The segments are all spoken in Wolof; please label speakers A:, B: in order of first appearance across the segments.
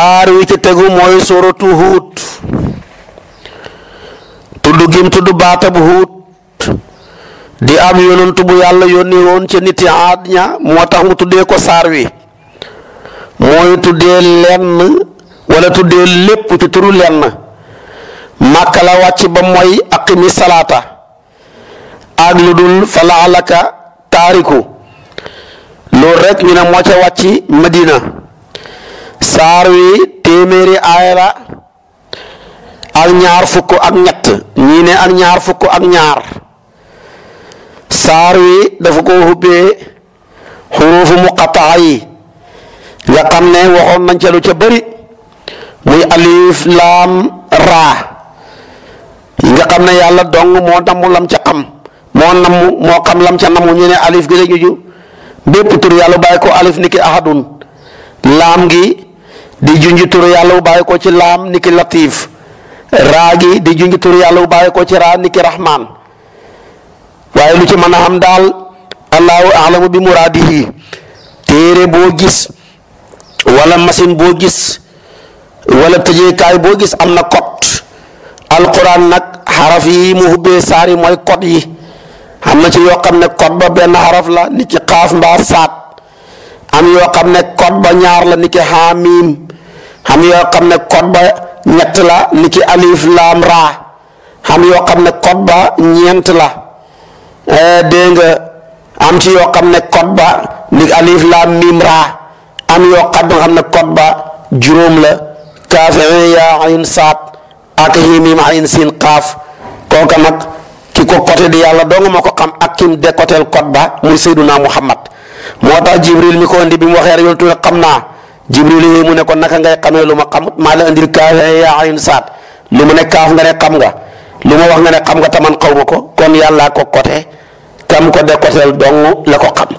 A: saar wi ci tegu mooy suratu huut tudd gim tudd baatab huut di am yonantu bu yàlla yónni woon ca nit ya ña moo tax mu tuddee ko saar wi mooy tuddee lenn wala tuddee lépp ci turu lenn màkka la wàcc ba mooy aqimi salaata ak lu dul fa laalaka taariku loolu rek ñu ne moo ca wàcc madina saar wi téeméeri aaya ak ñaar fukk ak ñett ñii ak ñaar fukk ak ñaar saar wi dafa ko xubbee xuruufu muqataa yi nga xam ne waxoon nañ ca lu ca bëri muy alif laam raa nga xam ne yàlla dong moo namu lam ca xam moo namu moo xam lam ca namu ñu alif gi la ñu ju bépp tur yàlla bàyyi ko alif niki ahadun laam gi di junj turu yalla ya bu bàyyi ko ci lam niki latif ragi di junj turu yalla ya bu bàyyi ko ci raa niki rahman waye lu ci mana am dal allah alamu bi muradihi tere bo gis wala machine bo gis wala kay bo gis amna kot alquran nak xaraf yi mu hubbee saar yi mooy yi amna ci yo xamne kot ba ben la niki qaf ba sat am yo xamne kot ba ñaar la niki hamim. xam yoo xam ne code ba ñett la ni ki alif laam raa xam yoo xam ne code ba ñeent la eh, dégg nga am ci yoo xam ne code ba ni alif laam miim raa am yoo xam ne code ba juróom la kaaf yaa ayn saat ak hii miim ayn siin qaaf kooka nag ki ko côté di yàlla doo nga ma ko xam ak kim décotel code ba muy Seyduna Muhammad moo tax Jibril mi ko indi bi mu waxee rek yontu xam naa jibril mu ne ko naka ngay luma xam ma la andil kaaf ya ayn saat luma ne kaaf nga ne xam nga luma wax nga ne xam nga taman kon yalla ko côté kam ko kotel dong la ko xam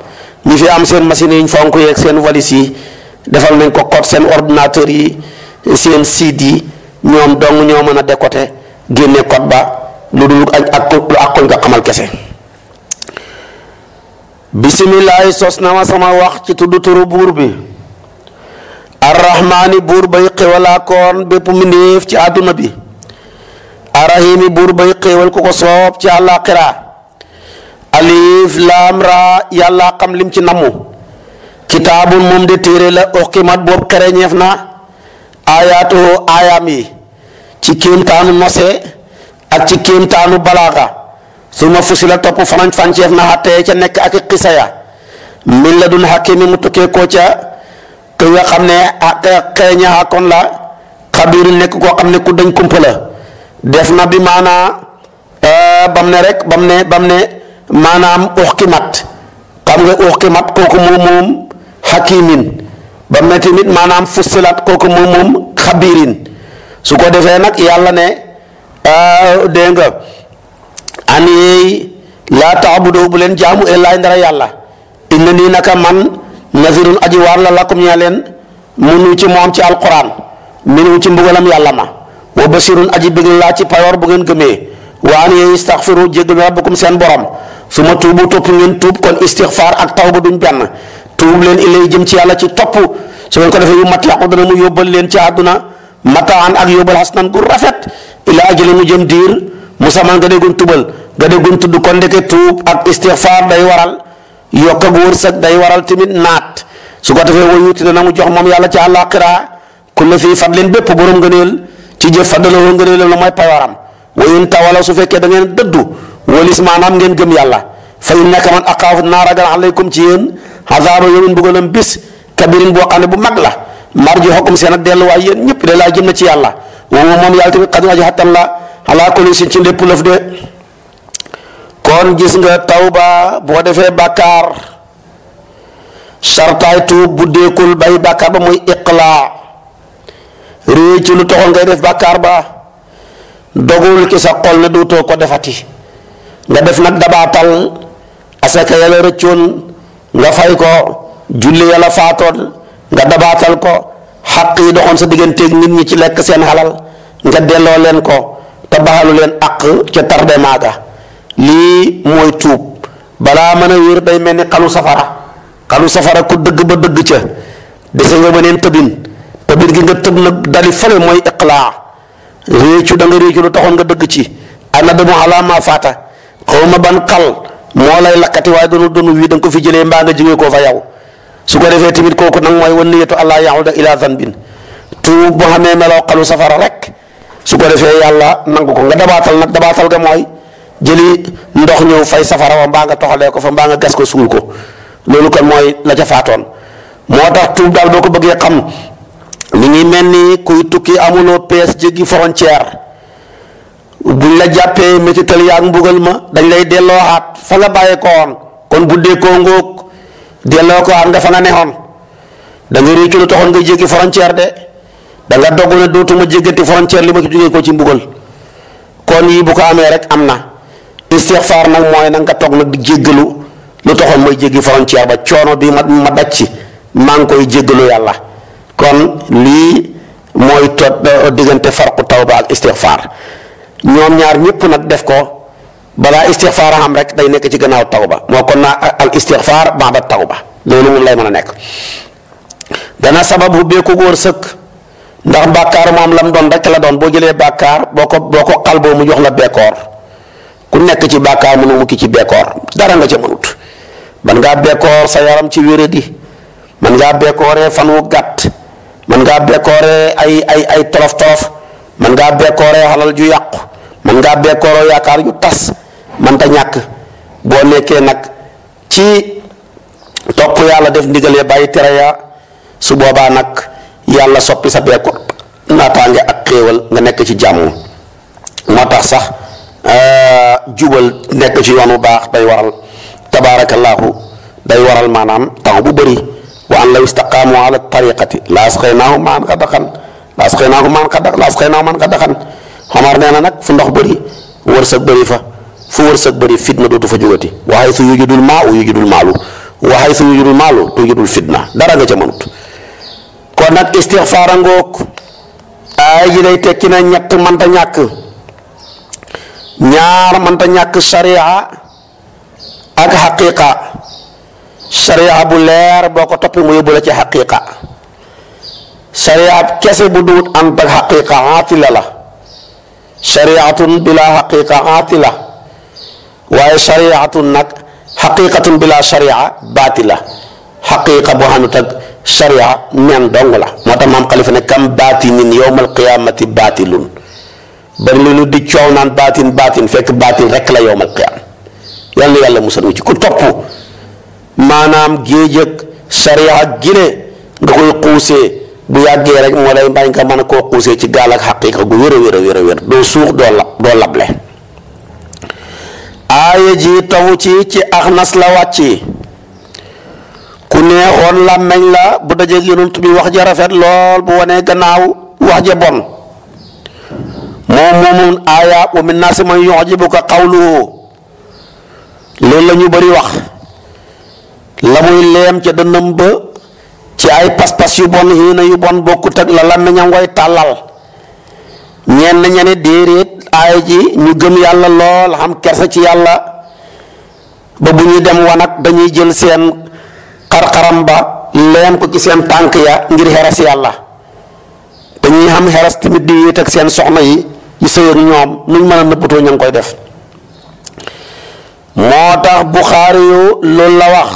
A: ñi fi am seen machine yi fonku yek seen valise yi defal nañ ko code seen ordinateur yi seen cd ñom dong ñoo mëna de code ba lu dul ak lu akkuñ ko xamal kese bismillah sos ma sama wax ci tuddu turu arrahmaani buur bay xéewalaa bépp mbindéef ci àdduna bi arrahimi buur bay xéewal ku ko soob ci àllaaxira alif laam raa yàlla xam lim ci namu kitaabun moom de téere la uqimat boobu xereñeef na aayaatuhu aayaam yi ci kéemtaanu nose ak ci kéemtaanu balaaxa su ma fusila topp fanañ fanceef na xàttee ca nekk ak xisa ya min la dun xakkimi mu tukkee koo ki nga xam ne ah, xeeña xakkoon ah, la xabiiru nekk koo xam ne ku dañ kumpa la def na bi maanaa eh, bam ne rek bam ne bam ne maanaam uxkimat xam nga uxkimat kooku moom moom xakimin bam ne tamit maanaam fussilat kooku moom moom xabiirin su ko defee nag yàlla ne eh, dégg nga an yeey laa taxabudoo bu leen jaamu e laay ndara yàlla inna nii naka man nazirun aji waar la lakum leen munu ci moom ci alquran minu ci mbugalam yàlla ma wa basirun aji bëgg laa ci payoor bu ngeen gëmee wa an yastaxfiru jéggalu rabbakum seen borom su ma tuubu topp ngeen tuub kon istixfaar ak tawba duñ benn tuub leen ilay jëm ci yàlla ci topp su ngeen ko defee yu mat dana mu yóbbal leen ci àdduna mataan ak yóbbal na bu rafet ilaa ajali mu jëm diir musaman nga déggoon tubal nga déggoon tudd kon ndeke tuub yokk ak wërsëg day waral tamit naat su ko defee wayuuti a mu jox moom yàlla ci àllaaxira ku la fii fadlin bépp borom ngëneel ci jëf faddaloo ngëneelam la mooy payooram wayun tawala su fekkee da ngeen dëddu walis maanaam ngeen gëm yàlla fa innaka man aqaafu naa ragal alaykum ci yéen azaaba yawmin mbugalam bis kabirin boo xam ne bu mag la marji xokkum seen ak delluwaay yéen ñëpp da laa jëm na ci yàlla moom moom yàlla ci lépp kon gis nga tawba bo defé bakar shartay tu bu kul bay bakar ba moy iqla réer ci lu ngay def bakar ba dogul ki sa xol ne dootoo ko defati nga def nag dabaatal asaka yalla reccion nga fay ko julli yalla faton nga dabaatal ko haq yi doxon sa digganteeg nit ñi ci lek seen halal nga delo len ko tabahalu len leen ci tardé maga lii mooy tuub balaa mën a wér day mel ni xalu safara xalu safara ku dëgg ba dëgg ca dese nga beneen tëbin tëbin gi nga tëb nag dali fale mooy iqlaa réccu da nga réccu lu taxoon nga dëgg ci ana damu xalaa maa faata xaw ma ban xal moo lay lakkati waaye doonu doonu wii da ko fi jëlee mbaa nga jógee koo fa yow su ko defee tamit kooku nag mooy wan niyatu allah yahuda ila zanbin tuub boo xamee meloo xalu safara rek su ko defee yàlla nangu ko nga dabaatal nag dabaatal mooy jeli ndox ñew fay safara wa mbaa nga toxale ko fa ba nga gas ko sul ko lolu kon moy la ca faton moo tax tuub dal boo ko bëggee xam ni ngi melni kuy tukki frontière bu la mbugal ma dañ lay delo hat fa la baye ko won kon de ko ngok delo ko xaat nga fa nga neexon da nga réccu lu taxon nga frontière de da nga dogu na dootuma jéggati frontière li ma ci jógee ko ci mbugal kon yi bu ko amé rek amna istighfar nak moy nang ka tok nak di jéggalu lu taxoon moy jéggi frontière ba coono bi ma ma dacc mang koy yalla kon li moy tot euh, diggante farqu tawba ak istighfar ñom ñaar ñepp nak def ko bala istighfar am rek day nek ci gënaaw tawba mo kon na al istighfar ba'da tawba loolu moom lay mëna nek dana sababu sabab ko gor sekk ndax bakkar mom lam don, rek la doon bo jëlé bakkar boko boko xalbo mu jox la bekor ku nekk ci bàkkaar mënu mukki ci bekkoor dara nga ca mënut man ngaa bekkoor sa yaram ci di man ngaa bekkooree fan wu gàtt man ngaa bekkooree ay ay ay torof torof man ngaa bekkooree halal ju yàqu man ngaa bekkooroo yaakaar ju tas man ta ñàkk boo nekkee nag ci topp yàlla def ndigalee ya bàyyi tere ya su boobaa nag yàlla soppi sa bekkoor naataange ak xéewal nga nekk ci jàmm moo sax Euh, jubal nekk ci yoon bu baax day waral tabaarakallaahu day waral maanaam temps bu bëri wa an law istaqaamu ala tariqati la asqaynaahum maan xadaxan la asqaynaahum maan xadax la asqaynaahum maan xadaxan xamar nee na nag fu ndox bëri wërsëg bëri fa fu wërsëg bëri fitna dootu fa jógati wa haysu yujudul maa'u yujudul maalu wa haysu yujudul maalu tujudul fitna dara nga ca mënut kon nag istixfaara ngoog ay ji lay tekki na ñett mënta ñàkk ñaar ta ñak sharia ak haqiqa sharia bu leer boko top mu yobul ci haqiqa sharia kese bu duut am ak haqiqa atila la shariatun bila haqiqa atila wa shariatun nak haqiqatun bila sharia batila haqiqa bu hanu tak sharia neen dong mata mam khalifa ne kam batinin yawmal qiyamati batilun bari lu nu di coow naan baatin baatin fekk baatin rek la yowmal qiyaam yàlla yàlla musal wu ci ku topp maanaam géej ak sariya ak gine nga koy xuusee bu yàggee rek moo lay mbañ nga mën a koo xuusee ci gaal ak xaqiiqa gu wér a wér a wér a wér doo suux doo lab doo lable aaya ji taxu ci ci axnas la wàcci ku neexoon làmmeñ la bu dajeeg yonent bi wax ja rafet lool bu wanee gannaaw wax ja bon moom aya umin min naasi man yujibuka qawlu loolu lañu bari wax lamuy lem leem ca ba ci ay pas-pas yu bon na yu bon bokku tak la làmmiñam way talal ñenn ña ne déeréet ji ñu gëm yalla lol xam kersa ci yalla ba buñu dem wanak dañuy jël seen xar ba leem ko ci seen tank ya ngir heras yalla dañuy xam heras tamit di yéet soxna yi di sëyeeg ñoom nuñ mën a nëppatoo ña koy def moo tax Buxaari yu loolu la wax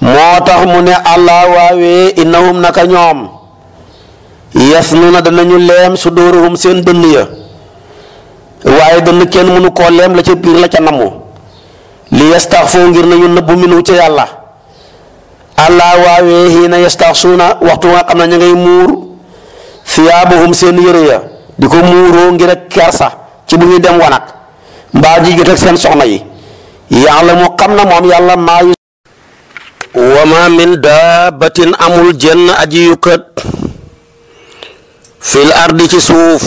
A: moo tax mu ne allah waawee innahum naka ñoom yes nu na danañu leem su dóoruhum seen dënn ya waaye dënn kenn mënu koo leem la ca biir la ca namu li yastax foo ngir nañu nëbbu minu ca yàlla allah waawee xiina yastax suuna waxtu nga xam ne ña ngay muur siyaabahum seen yëre ya di ko muuroo ngir ak kersa ci bu ñuy dem wanag mbaa ji jot seen soxna yi yàlla mu xam na moom yàlla maa yu wa ma min daabatin amul jenn aji yu kët ardi ci suuf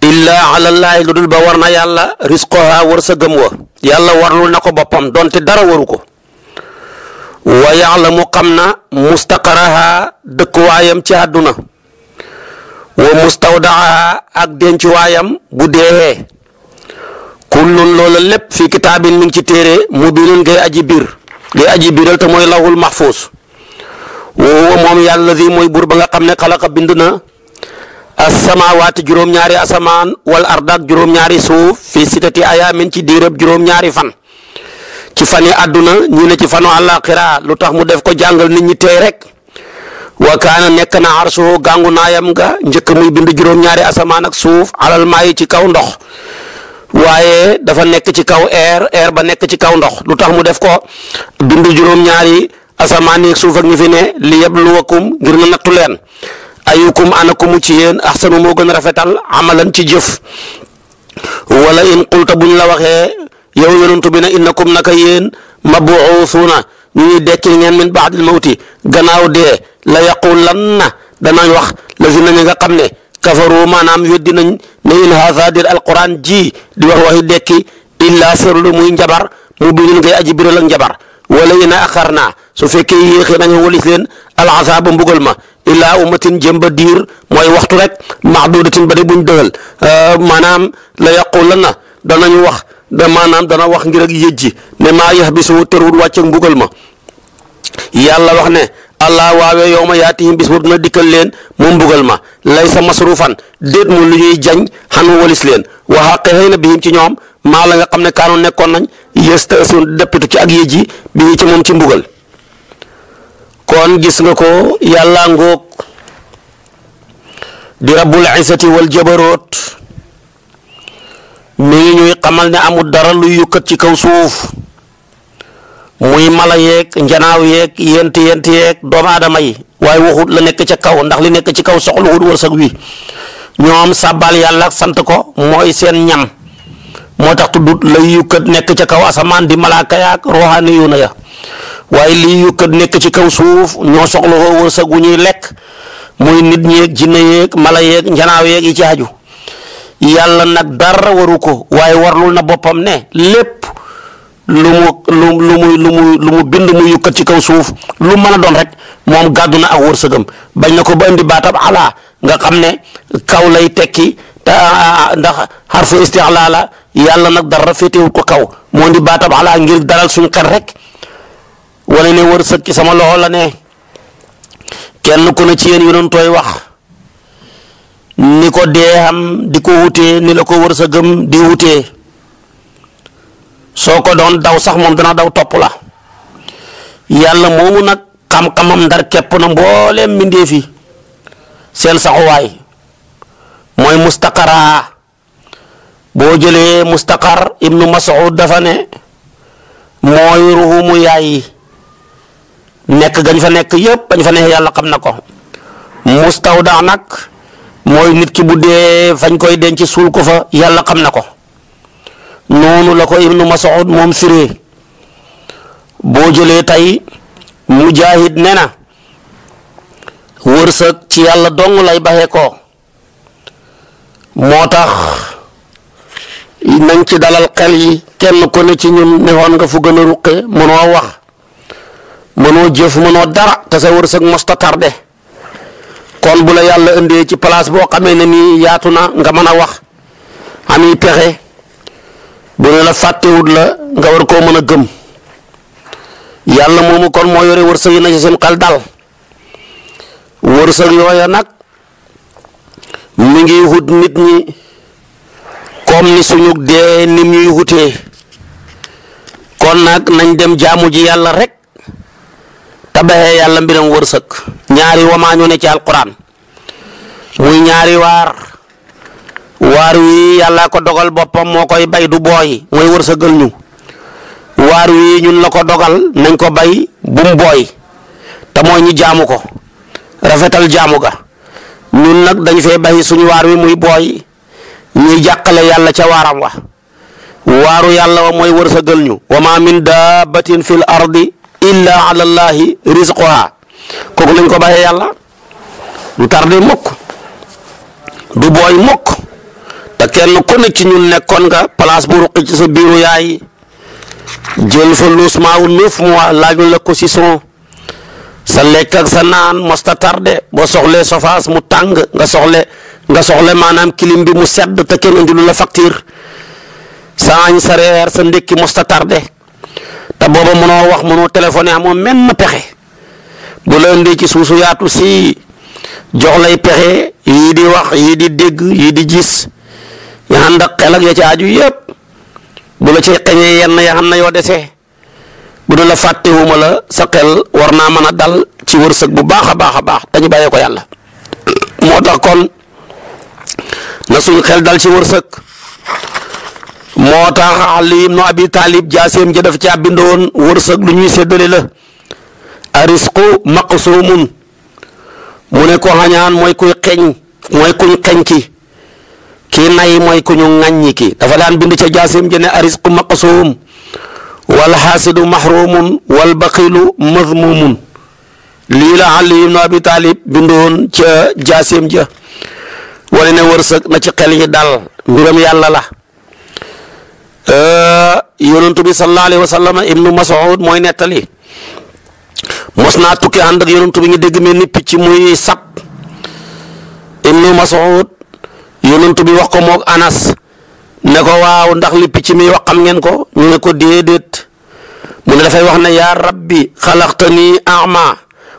A: illaa alallaahi lu dul ba war na yàlla risqoha war sa gëm wa yàlla warlul na ko boppam donte dara waru ko wa yàlla mu xam na mustaqaraha dëkkuwaayam ci àdduna wa mustawdaaha ak dencuwaayam bu deexee kullun loola lépp fi kitaabin mi ngi ci téere mu mubinun ngay aji biir ngay aji biiral te mooy lawul maxfuus wa huwa moom yàlla di mooy buur ba nga xam ne xalaqa bind na asamaawaati juróom-ñaari asamaan wal ardak juróom-ñaari suuf fi sitati ayaamin ci diirab juróom-ñaari fan ci fan yi àdduna ñu ci fanu àllaaxira lu tax mu def ko jàngal nit ñi tey rek. wa kaana nekk na arsuhu gàngu naayam nga njëkk muy bind juróom-ñaari asamaan ak suuf alal maayi ci kaw ndox waaye dafa nekk ci kaw air air ba nekk ci kaw ndox lu tax mu def ko bind juróom-ñaari asamaan yi suuf ak ñi fi ne li yabluwakum ngir na nattu leen ayukum anakumu ci yéen axsanu moo gën a rafetal amalan ci jëf walla in qulta buñ la waxee yow yonent bi na innakum naka yéen mabuusuuna ñu ñuy dekkil ngeen min baadil mawti gannaaw dee la yaqulanna danañ wax lazina ñi nga xam ne kafaru maanaam weddi nañ ne in haasa dir alquran ji di wax waxi dekki illa sirlu muy njabar mu binin koy aji biral ak njabar wala ina axarna su fekkee yéexee nañu walis leen alazaaba mbugal ma illaa ummatin jëm ba diir mooy waxtu rek maxdudatin ba de buñ dëgal euh, maanaam la yaqulanna danañu wax da maanaam dana wax ngir ak yëjji ne maa yax bi su tërwut wàcc ak mbugal ma yàlla wax ne allah waawee yow ma yaatihim bis bu dina dikkal leen moom mbugal ma lay sa masrufan déet mu lu ñuy jañ xanu walis leen waxaaqe xëy na bihim ci ñoom maa la nga xam ne kaanoon nekkoon nañ yëstasun dëppitu ci ak yëj ji bi ci moom ci mbugal kon gis nga ko yàlla ngoog di rabbul isati wal jabaroot mi ngi ñuy xamal ne amul dara luy yukkat ci kaw suuf muy mala yek njanaaw yek yent yent yeeg doomu aadama yi way waxut la nek ci kaw ndax li nek ci kaw soxlu wut wërsëg wi ñoom sàbbal yàlla sant ko moy seen ñam moo tax tuddut yu yukkat nek ci kaw asaman di malaaka yak ya rohani yu na ya li yu yukkat nek ci kaw suuf ño soxlu woo wërsëg wu lek muy nit ñeeg jinne yek mala yek njanaaw yek yi ci haju yalla nak dar waruko way na bopam ne lepp lu mu lu mu lu mu lu mu bind mu yukkat ci kaw suuf lu mën a doon rek moom gàddu na ak wërsëgam bañ na ko ba indi baatab alaa nga xam ne kaw lay tekki te ndax xarfu istixlaa la yàlla nag dara féetewul ko kaw moo indi baatab alaa ngir daral suñ xel rek wane ne wërsëg ci sama loxo la ne kenn ku ne ci yéen yu doon tooy wax ni ko dee am di ko wutee ni la ko war wërsëgam di wutee soo ko doon daw sax moom dana daw topp la yàlla moomu nag xam-xamam ndar képp na mbooleem mbindéef yi seen saxuwaay mooy mustaqara boo jëlee mustaqar ibnu mas'ud dafa ne mooy ruhumu yaay yi nekk gañ fa nekk yépp gañ fa neex yàlla xam na ko mustawda nag mooy nit ki bu dee fañ koy denc suul ko fa yàlla xam na ko noonu la ko ibnu Mas'ud moom siree boo jëlee tey mujahid ne na wërsëg ci yàlla dong lay baxee ko moo tax nañ ci dalal xel yi kenn ko ne ci ñun newoon nga fu gën a ruqe mënoo wax mënoo jëf mënoo dara te sa wërsëg mosta tarde kon bu la yàlla indee ci place boo xamee ne nii yaatu na nga mën a wax ami pexe bu ne la fàttewut la nga war koo mën a gëm yàlla moomu kon moo yore wërsëg yi na ci seen xel dal wërsëg yooya nag mu ngi wut nit ñi comme ni suñu dee ni ñuy wutee kon nag nañ dem jaamu ji yàlla rek tabaxee yàlla mbiram wërsëg ñaari wamaañu ci alquran muy ñaari waar. waar wii yàlla ko dogal boppam moo koy bay du booy mooy sa wërsëgal ñu waar wii ñun la ko dogal nañ ko bay bum booy te mooy ñu jaamu ko rafetal jaamu ga ñun nag dañ fee bay suñu waar wi muy booy ñuy jàqale yàlla ca waaram wa waaru yàlla wa mooy sa wërsëgal ñu wa ma min daabatin fil ardi illa ala llahi rizquha kooku nañ ko bàyyee yàlla du tarde mukk du booy mukk ta kenn ku ne ci ñun nekkon nga place bu ruqi ci sa biiru yaay jël fa ma wu neuf mois la ko ci son sa lekk ak sa naan mosta tarde bo soxlé sofas mu tang nga soxlé nga soxlé manam kilim bi mu sedd ta kenn indilu la facture sa añ sa reer sa mosta tarde ta bobu mëno wax mëno téléphoné amoo menn pexé bu la ndé ci susu yaatu si jox lay pexé yi di wax yi di dégg yi di gis ya ànd ak xel ya ci aju yëpp bu la ci xeñee yenn ya xam na yoo desee bu ne la fàttewuma la sa xel war naa mën a dal ci wërsëg bu baax a baax a baax dañu bàyyee ko yàlla moo tax kon na suñ xel dal ci wërsëg moo tax Ali ibnu Abi Taalib jaaseem ja daf caa bindoon wërsëg lu ñuy séddale la arisqu maqsumun mu ne ko xañaan mooy kuy xeñ mooy kuñ xeñ ci ki nay moy ku ñu ngagne ki dafa daan bind ci jasim jene arisqu maqsum wal hasidu mahrumun wal baqilu madhmumun li la ali ibn abi talib bindon ci jasim ja wala ne wërseuk na ci xel yi dal mbiram yalla la euh yonentou bi sallallahu alaihi wasallam ibnu mas'ud moy netali mosna tukki and ak bi ngi deg melni picc muy sap ibnu mas'ud yonent bi wax ko mok anas ne ko waaw ndax li picc mi wax xam ngeen ko ñu ne ko dedet mu ne dafay wax ne ya rabbi khalaqtani ama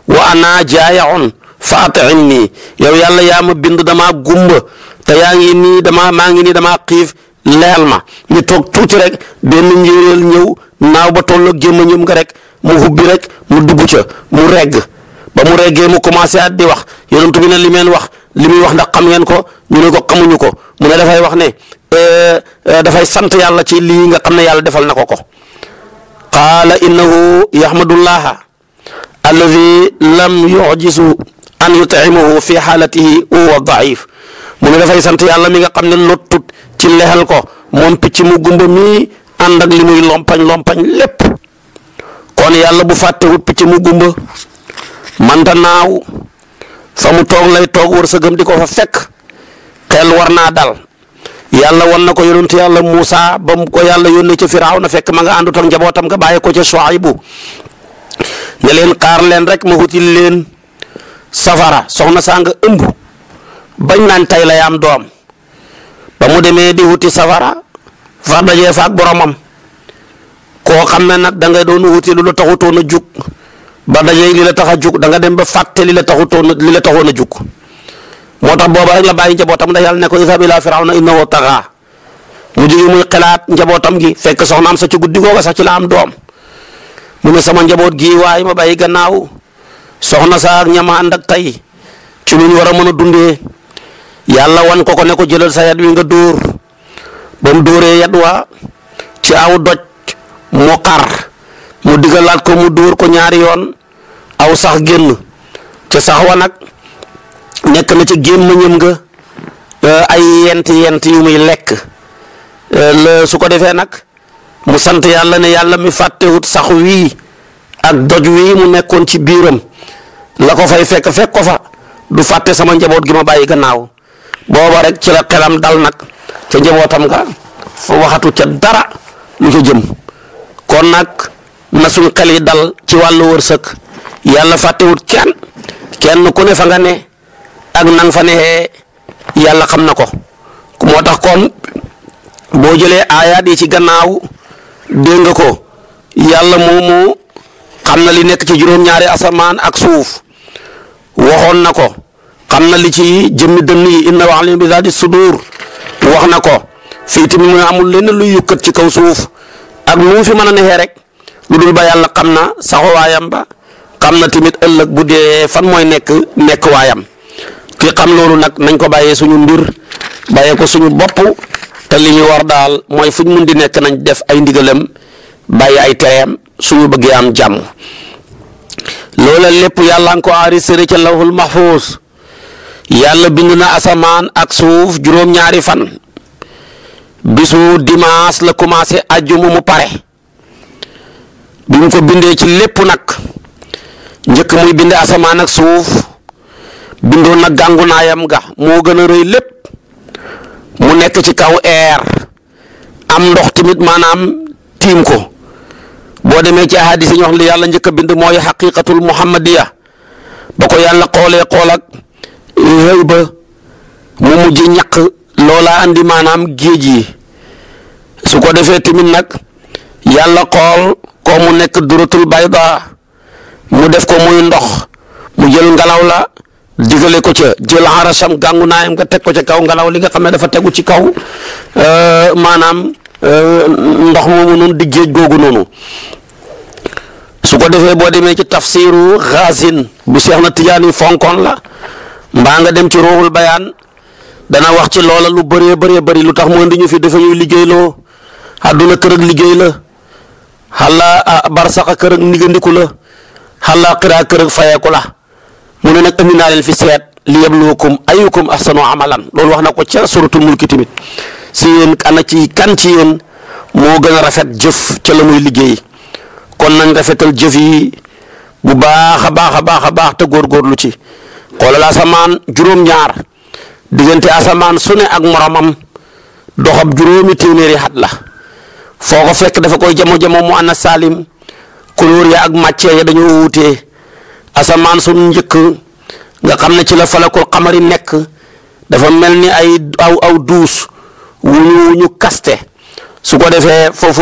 A: wa ana jaya'un fa at'inni yow yalla ya ma bindu dama gumba te ya ngi ni dama ma ngi ni dama xif leel ma ñu tok tuuti rek ben ñeel ñew naaw ba tollu gem ñum nga rek mu hubbi rek mu dubbu ca mu reg ba mu reggee mu commencé at di wax yonent bi ne li wax li muy wax ndax xam ngeen ko ñu ne ko xamuñu ko mu ne dafay wax ne euh, euh, dafay sant yàlla ci lii nga xam ne yàlla defal na ko ko qaala innahu yaxmadullaha alladi lam yujisu an yutcimahu fi xaalatihi huwa daif mu ne dafay sant yàlla mi nga xam ne lottut ci lexal ko moom picc mu gumba mii ànd ak li lompañ lompañ lépp kon yàlla bu fàttewut picc mu gumba manta naaw fa tok toog lay toog wërsëgam di ko fa fekk xel war dal yalla won nako ko yalla musa bam ko yalla yónnee ci firawna na fekk ma nga andu tok njabotam nga baye ko ci shuaibu ne len xaar len rek ma hutil len safara soxna sang nga bañ nan tay la yam dom ba mu demee di huti safara fa dajee faak boromam ko xamné nak da nga doon huti lu taxoto na juk ba dajé li la taxa juk da nga dem ba faté li la taxutoon li la taxoon juk motax boba rek la bàyyi njabootam da yalla ne ko isa bila firawna innahu taxa mu jóge muy xelaat njabootam gi fekk am sa ci guddigo ga sax ci la am dom mu ne sama njaboot gi way ma bàyyi gannaaw soxna sa ak ñama andak tay ci ñu wara mëna dundé yalla wan ko ko ne ko jëlal sa yad wi nga door bam dooré yad wa ci aw doj mo xar mu digalaat ko mu dóor ko ñaari yoon aw sax génn ca sax wa nag nekk na ca gémmañam nga eh, ay yent yent yu muy lekk eh, su ko defee nag mu sant yàlla ne yàlla mi fàttewut sax wii ak doj wii mu nekkoon ci biiram la ko fay fekk fekk ko fa du fàtte sama njaboot gi ma bàyyi gannaaw booba rek ci la xelam dal nag ca njabootam nga fa waxatu ca dara lu ca jëm kon nag na suñ xel yi dal ci wàllu wërsëg yàlla fàttewut kenn kenn ku ne fa nga ne ak nang fa nexee yàlla xam na ko moo tax kon boo jëlee aayaat yi ci gannaaw dégg ko yàlla moomu xam na li nekk ci juróom-ñaari asamaan ak suuf waxoon na ko xam na li ci jëmmi dënn yi inna wa'lam bi zaati sudur wax na ko fii tamit mu amul lenn luy yukkat ci kaw suuf ak nu fi mën a nexee rek ludul ba yalla xamna na saxo wayam ba xamna timit tamit ëllëg bu dee fan mooy nekk nekk wayam ki xam loolu nag nañ ko bàyyee suñu mbir bàyyee ko suñu bopp te li ñu war daal mooy fuñ mun di nekk nañ def ay ndigalam bàyyi ay tereem suñu bëggee am jàmm loola lépp yàlla ko enregistré ca lawhul mahfuz yàlla bind na ak suuf juróom ñaari fan bisu dimas la commencé àjjuma mu pare bi mu ko bindee ci lépp nag njëkk muy bind asamaan ak suuf bindoon na gàngu ga moo gën a rëy lépp mu nekk ci kaw air am ndox tamit maanaam tiim ko boo demee ci ahadis yi li yàlla njëkk a bind mooy xaqiqatul muhammadiya ba ko yàlla xoolee xool ak xëy ba mu mujj ñaq loolaa andi maanaam géej yi su ko defee tamit nag yàlla xool. ko mu nek duratul bayda mu def ko muy ndox mu jël ngalaw la digale ko ci jël arasam gangu nayam nga tek ko ci kaw ngalaw li nga xamne dafa teggu ci kaw maanaam euh, ndox moomu non di géej googu su ko ci tafsiru ghazin bu cheikh na tijaani fonkoon la mba nga dem ci ruhul bayan dana wax ci loola lu bëree bëree bëri lutax mo mu ñu fi dafa ñuy kër xala ah, barsaxa kërëg ndigandiku la xala kër kërëg fayeeku la mu ne nag indi naa fi seet li yabluwakum ayukum ahsanu amalan loolu wax na ko ca suratul mulki tamit si yéen ana ci kan ci yéen moo gën a rafet jëf ca la muy liggéey kon nañ rafetal jëf yi bu baax a baax a baax a baax te góorgóorlu ci xoolal asamaan juróom-ñaar diggante asamaan su ne ak moromam doxab juróomi téeméeri xat la foo ko fekk dafa koy jamo-jamo mu ana salim kulur ya ak matière ya dañu wuté asaman sun njëkk nga xam ci la falakul qamari nek dafa melni ay aw aw duus wu ñu ñu kaste su ko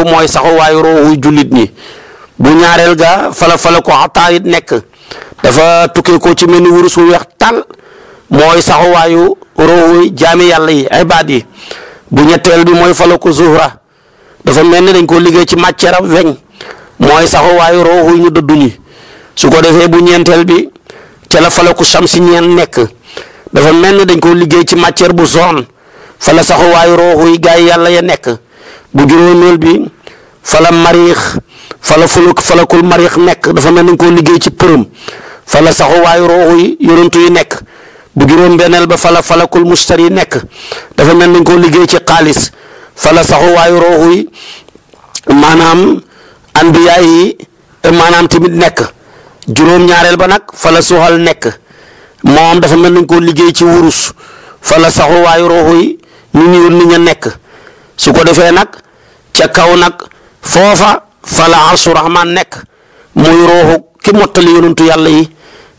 A: moy saxu way ro wu julit ni bu ñaarel ga fala fala ko xataa nek dafa tukkee ko ci wuru su wurus tal moy tal wayu ro wu jami yalla yi ibaad yi bu ñettel bi moy fala zuhra dafa mel ni dañ koo liggéey ci matière am weñ mooy saxuwaayu rooxu ñu dëddu ñi su ko defee bu ñeenteel bi ca la falaku samsi ñeen nekk dafa mel ni dañ koo liggéey ci matière bu zone fa la saxuwaayu rooxu yàlla ya nekk bu juróomeel bi fa la mariix fa la nekk dafa mel ni koo liggéey ci përëm fa la saxuwaayu rooxu yi yonantu yi nekk bu juróom-benneel ba fa la falakul mustari nekk dafa mel ni dañ koo liggéey ci xaalis. fala saxu waayu rooxu yi maanaam anbiya yi maanaam tamit nekk juróom-ñaareel ba nag fala suxal nekk moom dafa mel nañ ko liggéey ci wurus fala saxu waayu rooxu yi ñu niwul ni ña nekk su ko defee nag ca kaw nag foofa fala arsu rahman nekk muy rooxu ki mottali yonantu yàlla yi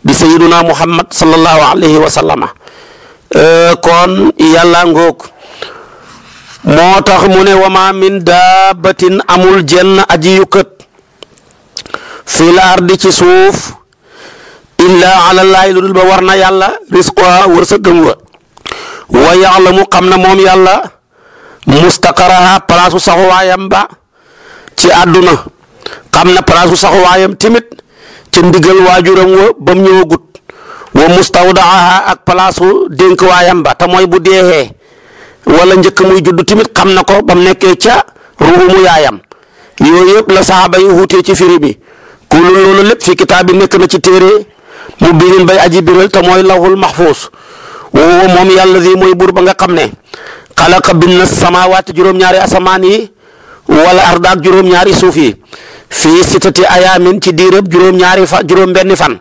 A: di sayiduna muhammad sallallahu alayhi wa sallama kon yàlla ngoog moo tax mu ne wama min daabatin amul jenn aji yukkat fil ardi ci suuf illaa alallaahi lu dul ba war na yàlla risqoa wërsëgam wa wa yaalamu xam na moom yàlla mustaqaraha palaasu saxuwaayam ba ci àdduna xam na palaasu saxuwaayam timit ci ndigal waajuram wa ba mu ñëwagul wa mustawdaaha ak palaasu dénk waayam ba te mooy bu deexee wala njëkk muy judd timit xam na ko bam nekkee ca ruhu yaayam yooyu yëpp la sahaba yi wutee ci firi bi ku loolu lépp fi kitaab bi nekk na ci téere mu birin bay aji biral te mooy lawul mahfuus moom yàlla di mooy bur ba nga xam ne xalaqa bin na samaawaati juróom-ñaari asamaan yi wala ardaak juróom-ñaari suuf yi fii sitati ayaamin ci diirëb juróom-ñaari fa juróom-benni fan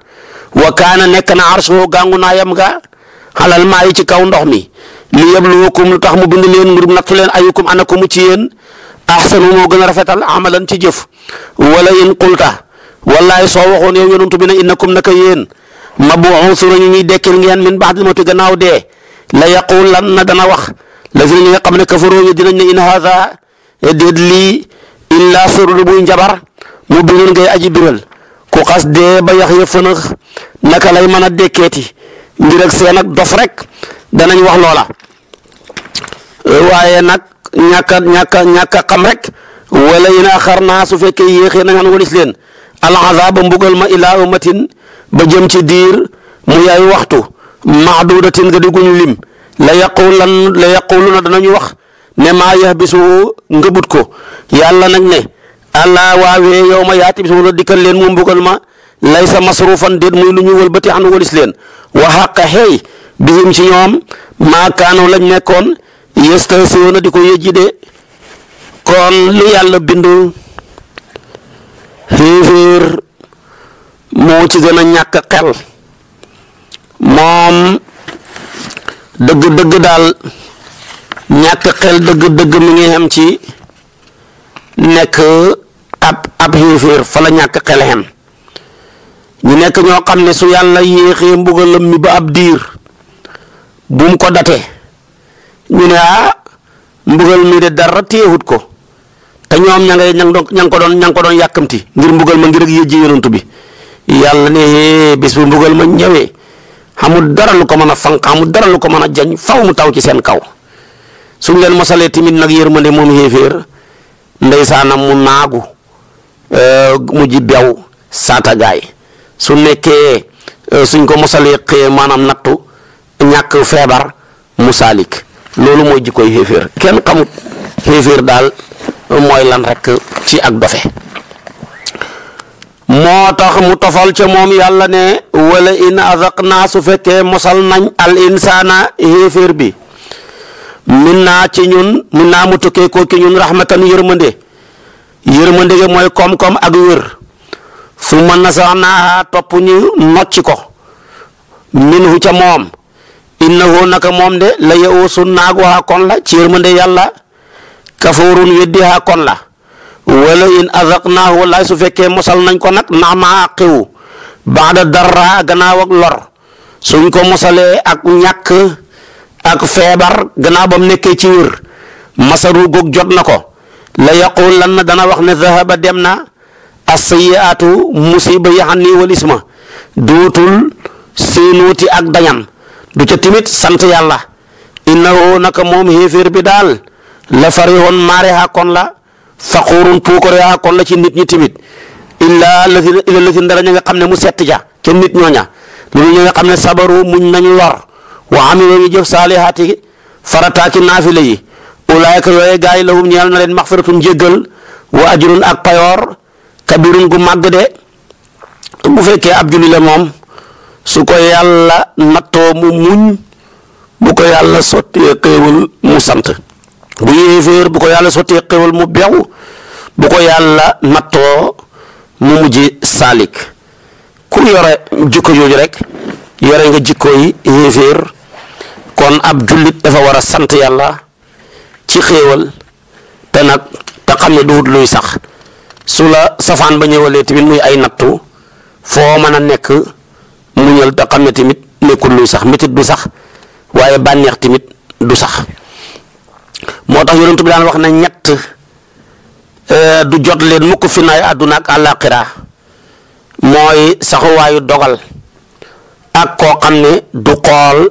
A: wa kaana nekk na arsuhu gàngu naayam ga xalal maa yi ci kaw ndox mi li yabluwakum lu tax mu bind leen ngir nattu leen ayukum anakumu ci yéen ahsanu moo gën a rafetal amalan ci jëf wala in qulta wallaay soo waxoon yow yonantu bi ne innakum naka yéen mabuusuna ñu ñuy dekkil ngeen min ba'dil a gannaaw dee la yaqulanna dana wax la fi ñi nga xam ne kafaroo yi dinañ ne in haada déet lii illaa sirrun buy njabar mu binul ngay aji biral ku xas dee ba yax ya fënax naka lay mën a dekkeeti ngir ak seen ak dof rek danañ wax loola waaye nag ñàkk a ñàkk a xam rek wala yi naa xar su fekkee yéexee na nga walis leen alazaba mbugal ma ilaa umatin ba jëm ci diir mu yaay waxtu maxdudatin ga diguñu lim la yaqulan la yaquluna danañu wax ne maa yax bisu ngëbut ko yàlla nag ne allah waawee yow ma yaati bisu dikkal leen mu mbugal ma laysa masrufan déet muy lu ñu wëlbati xanu walis leen wa xàqa xeey bihim ci ñoom maa kaanoo lañ nekkoon yastahzi'uuna di ko yëjji de kon lu yàlla bindul xéeféer moo ci gën a ñàkk xel moom dëgg-dëgg daal ñàkk xel dëgg-dëgg mi ngi xem ci nekk ab ab xéeféer fa la ñàkk xel xem ñu nekk ñoo xam ne su yàlla yéexee mbugalam mi ba ab diir bu ko date ñu ne ah mbugal mi de dara téyewut ko te ñoom ña ngay ñang ñang ko doon ñang ko doon yàkkamti ngir mbugal ma ngir ak yëjji yonantu bi yàlla ne bis bu mbugal ma ñëwee xamul dara lu ko mën a fanq xamul dara lu ko mën a jañ faw mu taw ci seen kaw suñ leen mosalee timit nag yërmande moom xéeféer ndeysaanam mu naagu euh, mu ji bew saatagaay su nekkee euh, suñ ko mosalee xëye maanaam nattu ñàkk feebar mu saalik loolu mooy jikkoy xéeféer kenn xamut xéeféer daal mooy lan rek ci ak dofe moo tax mu tofal ca moom yàlla ne wala in azaqnaa su fekkee mosal nañ al insaana xéeféer bi min naa ci ñun min naa mu tukkee ko ci ñun rahmatan yërmande yërmande mooy koom-koom ak wér su mën na sax naa topp ñu nocci ko min hu ca moom innahu naka moom de la yawusun naagu haa kon la ci yërmande yàlla kafuurun weddi haa kon la wala in azaqnaahu wallaay su fekkee mosal nañ ko nag naama qiwu baada darra gannaaw ak lor suñ ko mosalee ak ñàkk ak feebar gannaaw ba mu nekkee ci wér masaru goog jot na ko la yaqul lan na dana wax ne zahaba dem na as musiba yi xam ni wal dootul séenuuti ak dañan du ca timit sant yàlla innahu naka moom xéeféer bi daal la farihun maare kon la faquurun puukare xàkkoon la ci nit ñi timit illaa lazina illa lazina dara nga xam ne mu sett ja ca nit ñooña lu ñu nga xam ne sabaru muñ nañ lor wa amilu ñu jëf saalihaati farataaki naafila yi ulaayka yooye gaa yi lahum ñeel na leen maxfiratun jéggal wa ajrun ak payoor kabirun gu màgg de bu fekkee ab julli la moom su ko yàlla nattoo mu muñ bu ko yàlla sottee xéewal mu sant bu yéeféer bu ko yàlla sottee xéewal mu bew bu ko yàlla nattoo mu mujj saalik ku yore jikko jooju rek yore nga jikko yi yéeféer kon ab jullit dafa war a sant yàlla ci xéewal te nag te xam ne duut luy sax su la safaan ba ñëwalee tamit muy ay nattu foo mën a nekk muñal te xam ne tamit nekkul luy sax métit du sax waaye bànneex tamit du sax moo tax yonent bi daan wax na ñett euh, du jot leen mukk fi àdduna ak mooy saxuwaayu dogal ak koo xam ne du xool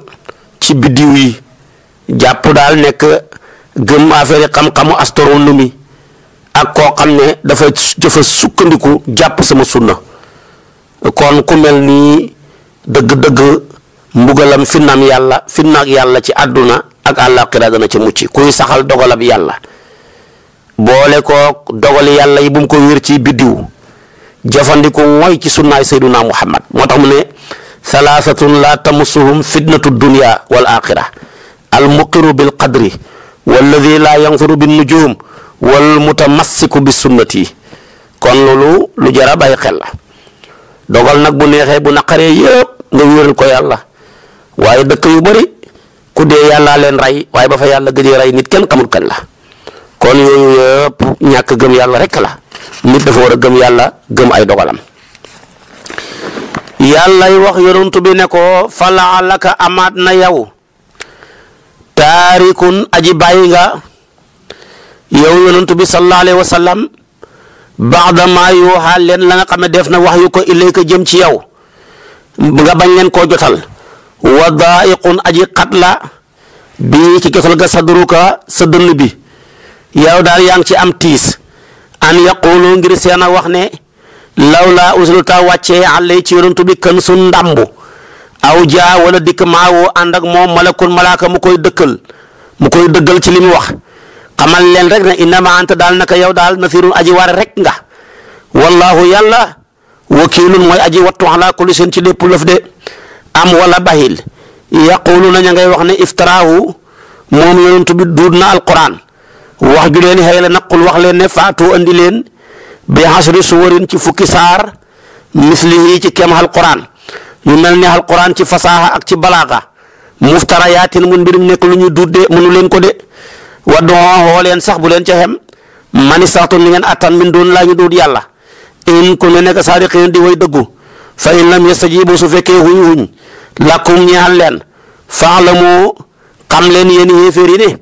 A: ci biddiw yi jàpp daal nekk gëm affaire xam-xamu astronomie ak koo xam ne dafa dafa sukkandiku jàpp sama sunna kon ku mel nii dëgg-dëgg mbugalam finnam yàlla finnaak yàlla ci àdduna ak àllaaxira dana ci mucc kuy saxal dogalab yàlla boole ko dogali yàlla yi bu mu ko wér ci biddiw jëfandiku mooy ci sunnaay sayduna muhammad moo tax mu ne thalathatun la tamussuhum fitnatu dunya wal axira al muqiru bil qadri walladi la yanfuru bin nujum wal mutamassiku bi sunnati kon loolu lu jara bàyyi xel la dogal nag bu neexee bu naqaree yëpp nga wéeral ko yàlla waaye dëkk yu bari ku dee yàllaa leen rey waaye ba fa yàlla gëjee rey nit kenn xamul kañ la kon yooyu yëpp ñàkk gëm yàlla rek la nit dafa war a gëm yàlla gëm ay dogalam yàllay wax yonent bi ne ko falaalaka amaat na yow taarikun aji bàyyi nga yow yonent bi sallallahu alayhi wa sallam ba'da maa yuuhaa leen la nga xam ne def na wax yu ko ilayka jëm ci yow nga bañ leen koo jotal wa daaiqun aji xat la bi ci jotal ga sadruka sa dënn bi yow daal yaa ngi ci am tiis an yaqulu ngir seen a wax ne lawla usulta wàccee àllay ci yonantu bi kan su ndàmbu aw jaa wala dikk maawoo ànd ak moom malakun malaaka mu koy dëkkal mu koy dëggal ci li mu wax xamal leen rek ne innama anta daal naka yow daal nasirun aji war rek nga wallahu yàlla wakilun moy aji wattu ala kulli seen ci de am wala bahil yaquluna nya ngay wax ne iftaraahu mom yonent bi duud alquran wax ju len hayla naqul wax len ne fatu andi len bi hasri suwarin ci fukki sar mislihi ci kem alquran yu melni alquran ci fasaha ak ci balaga muftarayatin mun mbirum nek lu ñu dudde munu len ko de wadon xoo sax bu len ci hem ngeen atan min dun ñu in ku ne nekk saadiqiin di way dëggu fa in lam yastajibu su fekkee huñ huñ lakum ñaal leen faalamu xam leen yéen yéeféer yi ne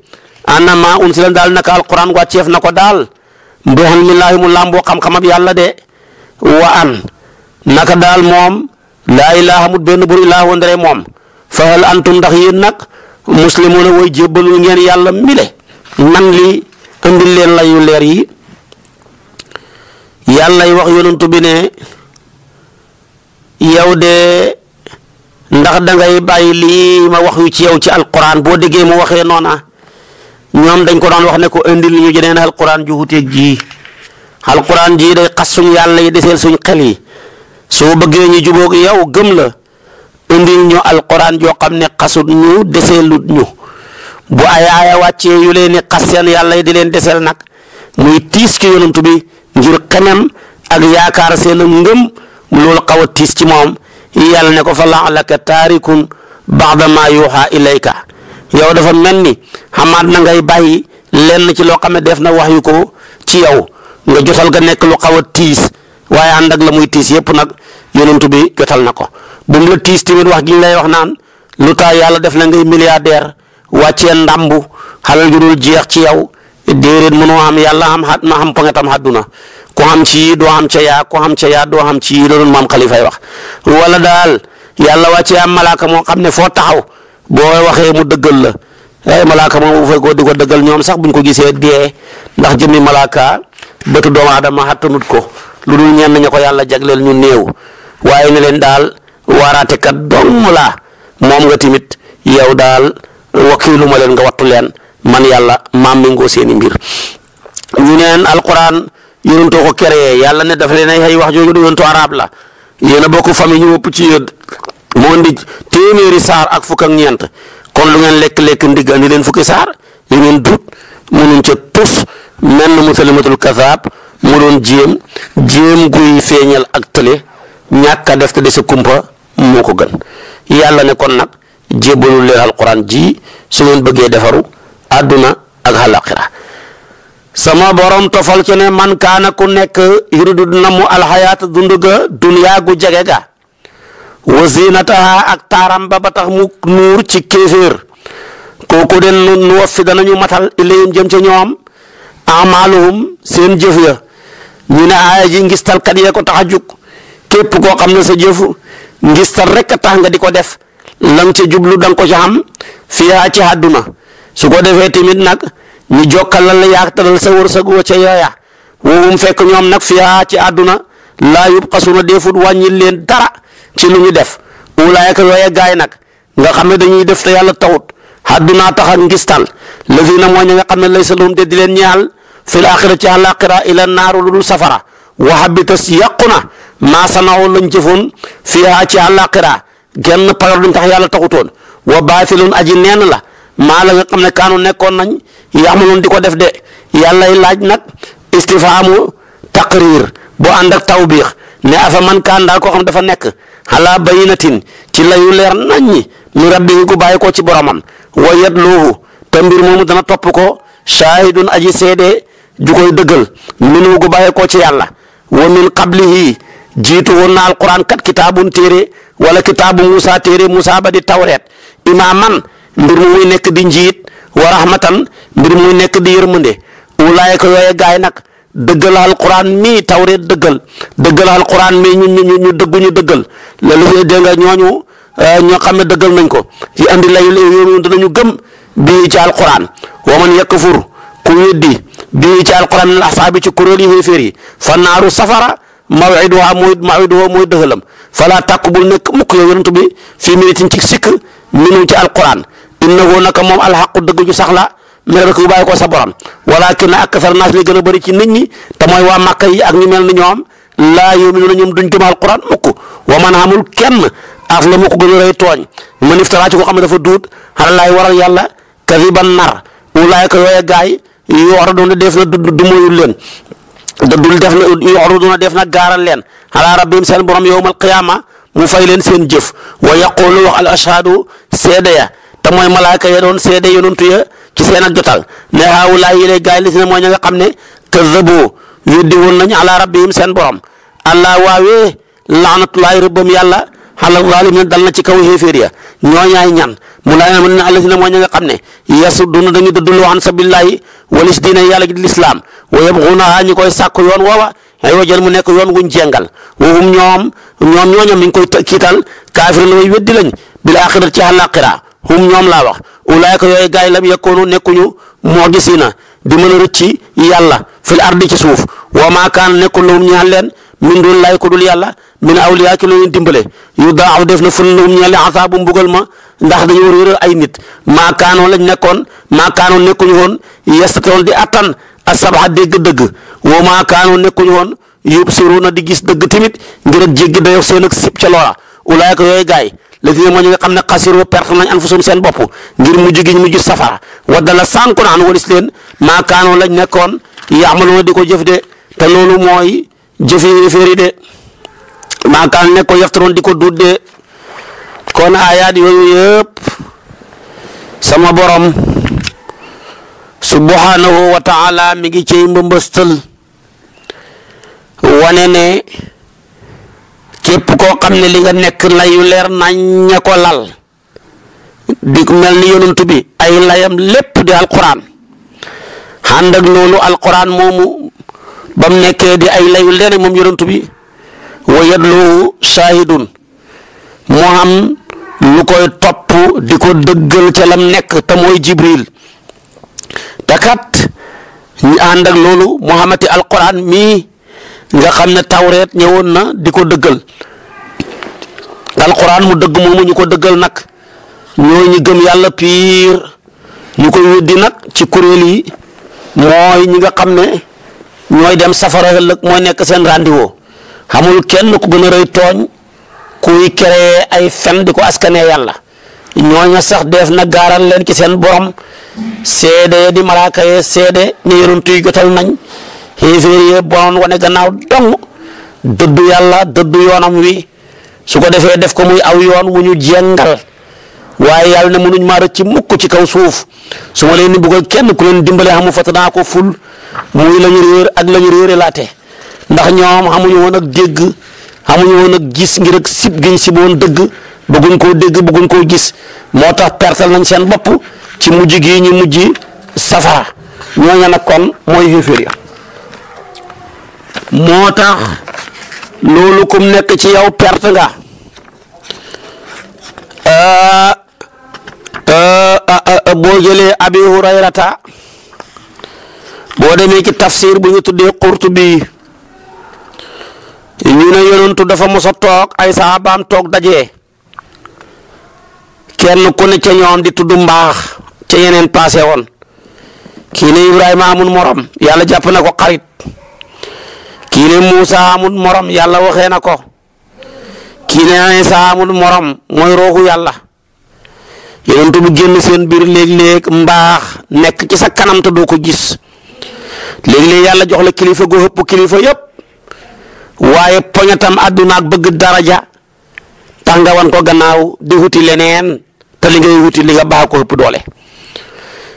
A: annama unsila daal naka alquran wàcceef na ko daal mboxal millaahi mu làmboo xam-xamab yàlla de wa an naka daal moom laa ilaaha mut benn bur ilaaha wandare moom fa hal antum ndax yéen nag muslimuuna way jébbalul ngeen yàlla mile nan li andil leen layu leer yi yàlla yàllay wax yonantu bi ne yow de ndax dangay bàyyi lii ma wax yu ci yow ci alquran boo déggee mu waxee noona ñoom dañ ko doon wax ne ko indil ñu jeneen alquran ju wuteeg jii alquran jii day xas suñ yàlla yi deseel suñ xel yi soo bëggee ñu jubóog yow gëm la indil ñu alquran joo xam ne xasut ñu deseelut ñu bu ay wàccee yu leen ni xas seen yàlla yi di leen deseel nag muy tiis ci yonantu bi ngir xemem ak yaakaar seen ngëm loolu xaw a tiis ci moom yàlla ne ko fa laalaka taarikun baxda maa yuuxaa ilayka yow dafa mel ni xamaat na ngay bàyyi lenn ci loo xam ne def na wax yu ko ci yow nga jotal nga nekk lu xaw a tiis waaye ànd ak la muy tiis yëpp nag yonent bi jotal na ko bu mu la tiis tamit wax gi lay wax naan lu tax yàlla def na ngay milliardaire wàccee ndàmbu xalal ju dul jeex ci yow. déedéet mënoo xam yàlla xam xat ma xam pangatam xadduna ku xam ci yii doo xam ca yaa ku xam ca yaa doo xam ci yii la doon maam xalifay wax wala daal yàlla wàcce am malaaka moo xam ne foo taxaw boo waxee mu dëggal la ay eh, malaaka moom bu fekkoo di ko dëggal ñoom sax buñ ko gisee dee ndax jëmi malaaka bëtu doomu aadama xattanut ko lu dul ñenn ña ko yàlla jagleel ñu néew waaye ne leen daal waaraatekat dong laa moom nga timit yow daal wakiilu ma man yàlla maam mi ngoo seeni mbir ñu neen alquran yonent ko créé yàlla ne dafa leen ay wax jooju du yonentu arab la yéen a bokk famille ñu ëpp ci yéen moo indi téeméeri saar ak fukk ak ñeent kon lu ngeen lekk-lekk ndigg andi leen fukki saar li ngeen dut munuñ ca tus mel na musalimatul kasaab mu doon jéem jéem guy feeñal ak tële ñàkk def te dese kumpa moo ko gën yàlla ne kon nag jébbalul leen alquran ji su ngeen bëggee defaru àdduna ak xalaqira sama borom tofal ci ne man kaana ku nekk yuridu na mu alxayaata dund ga duniyaa gu jege ga wa zinataha ak taaram ba ba tax mu nuur ci kéeféer kooku den nu waffi danañu matal ilayhim jëm ca ñoom amaaluhum seen jëf ya ñu ne aaya ji ngistalkat yee tax a jug képp koo xam ne sa jëf ngistal rekk a tax nga di ko def lang ca jublu danga ko ca xam fiyaa ci àdduna su ko defee tamit nag ñu jokkalal la yaakaar sa wërsëg wa ca yooya woowum fekk ñoom nag fiyaa ci àdduna laa yubxasuna defut wàññil leen dara ci lu ñu def ulaayka yooya gaay nag nga xam ne dañuy def te yàlla tawut àdduna tax ak ngistal lazina mooy ña nga xam ne sa lahum te di leen ñaal fil ci àllaaxira ila naaru lu dul safara wa habita yàqu na maa sanaaw lañ jëfoon fiyaa ci àllaaxira genn payoor duñ tax yàlla taxutoon wa baatilun aji neen la. maa la nga xam ne kaanu nekkoon nañ yaxmaloon di ko def de yàllay laaj nag istifaamu taqrir boo ànd ak tawbiix ne afa man kaan daal koo xam dafa nekk ala bayinatin ci layu leer nañ ñi mi rabbi ku bàyyi ko ci boromam wa yatluuhu te mbir moomu dana topp ko shaahidun aji seede ju koy dëggal minu gu bàyyi ko ci yàlla wa min qablihi jiitu woon na alquran kat kitaabun téere wala kitaabu Musa téere Musa ba di tawreet imaaman mbir mu muy nekk di njiit wa rahmatan mbir muy nekk di yërmande ulaayka yooye gaay nag dëggal alquran mii tawreet dëggal dëggal alquran mii ñu ñu ñu dëggu ñu dëggal loolu dégg nga ñooñu euh, ñoo xam ne dëggal nañ ko ci andi lay yoonu danañu gëm bii ci alquran wa man yakfur ku weddi bii ci alquran min asaabi ci kuréel yi xéeféer yi fa naaru safara mawiduha mooy mawiduha mooy dëxalam fala tàkku bul nekk mukk yow yonent bi fii minitin ci sikk minu ci alquran innahu naka moom alxaqu dëgg ju sax la min rabbika bàyyi ko sa borom walakin akthar naas li gën a bëri ci nit ñi te mooy waa màkka yi ak ñu mel ni ñoom laa yuminuuna ñoom duñ gëm alquran mukk wa man amul kenn af la mu ko gën a rëy tooñ man iftaraa ci ko xam ne dafa duut xalalaay waral yàlla kadiban nar ulaayka yooye gaay yooxta doon def na du moyul leen da dul def na yooxta doon def na gaaral leen ala rabbihim seen borom yowmal qiyaama mu fay leen seen jëf wa yaqulu wax al ashhadu seede ya te mooy malaaka ya doon seede yonantu ya ci seen ak jotal ne haawulaa yi lay gaa yi li mooy ña nga xam ne kazzabu weddi woon nañu ala rabbihim seen borom allah waawee laanatullaahi rëbbam yàlla ala zaalimiin dal na ci kaw xéeféer ya ñooñaay ñan mu laa yéen a mën na àll mooy ña nga xam ne yasudduuna dañu dëdduloo an sabillaahi walis diine yàlla gi di lislaam wa yabxuunahaa ñu koy sàkk yoon woowa ay wajal mu nekk yoon wuñ jengal wahum ñoom ñoom ñooñam mi ngi koy kiital kaafir la way weddi lañ bil axira ci àllaaxira hum ñoom laa wax ulaayka yooyu gaay lam yakkoonu nekkuñu moo mojisina di mën a rëcc ci yàlla fil ardi ci suuf wa maa nekkul lahum ñaal leen min dul laay yàlla min awliyaa ki dimbale yu daaw def na ful lahum ñaal leen asaabu mbugal ma ay nit maa kaanoo lañ nekkoon maa nekkuñu woon yestatoon di attan asabaxa dégg dëgg wa maa kaanoo nekkuñu woon yubsiruuna di gis dëgg tamit ngir ak jéggi dayox seen ak sib ca loola ulaayka yooyu gaay lazina moo ñu nga xam ne xasiroo perte nañ anfusum seen bopp ngir mujj gi mujj safara wadda la sànku naan walis leen maakaanoo lañ nekkoon yaamaloona di ko jëf de te loolu mooy jëfi féeri de maakaan nekk ko yaftaroon di ko duut de kon ayaat yooyu yëpp sama borom subhanahu wa mi ngi ci mbëmbëstal wane ne képp koo xam li nga nekk layu leer nañ ko lal di mel ni yonent bi ay layam lépp di alquran ànd ak loolu alquran moomu ba mu di ay layu leer moom yonent bi wa yadlu shahidun moo am lu koy topp di ko dëggal lam nekk te mooy jibril takat kat ñu ànd ak loolu muhammadi alquran mii nga xam ne tawreet ñëwoon na di ko dëggal alquran mu dëgg moomu ñu ko dëggal nag ñoo ñu gëm yàlla piir ñu ko weddi nag ci kuréel yi mooy ñi nga xam ne ñooy dem safara ëllëg mooy nekk seen rendez xamul kenn ku gën a rëy tooñ kuy créer ay fen di ko askanee yàlla ñooña sax def na gaaral leen ci seen borom seede di malaaka yee seede ñu yonent yi jotal nañ xéeféer yee bon wane gannaaw dong dëddu yàlla dëdd yoonam wi su ko defee def ko muy aw yoon wu ñu jengal waaye yàlla na mënuñ maa rëcc mukk ci kaw suuf su ma leen ni bëggal kenn ku leen dimbale xamu fat naa ko ful muy lañu ñu réer ak la ñu réere laate ndax ñoom xamuñu woon ak dégg xamuñu woon ak gis ngir ak sib giñ si boon dëgg bëgguñ koo dégg bëgguñ koo gis moo tax pertal nañ seen bopp ci mujj gi ñu mujj safara ñooña nag kon mooy xéeféer moo tax loolu kum nekk ci yow perte nga ah, ah, ah, boo jëlee abi rata boo demee ci tafsir bu ñu tuddee qurtubi ñu ne yonentu dafa mos a toog ay saabaam toog dajee kenn ku ne ca di tudd mbaax ca yeneen passé woon kii ne Ibrahima amul morom yàlla jàpp na ko karit kile Musa amul morom yalla waxe nako ko Isa amul morom moy rogu yalla yonent bu genn sen bir nek leg mbax nek ci sa kanam ta do ko gis leg leg yalla jox la kilifa go hepp kilifa yëpp waye pognatam aduna ak beug daraja tax ko gannaaw di huti lenen te li ngay huti li nga ko hepp dole.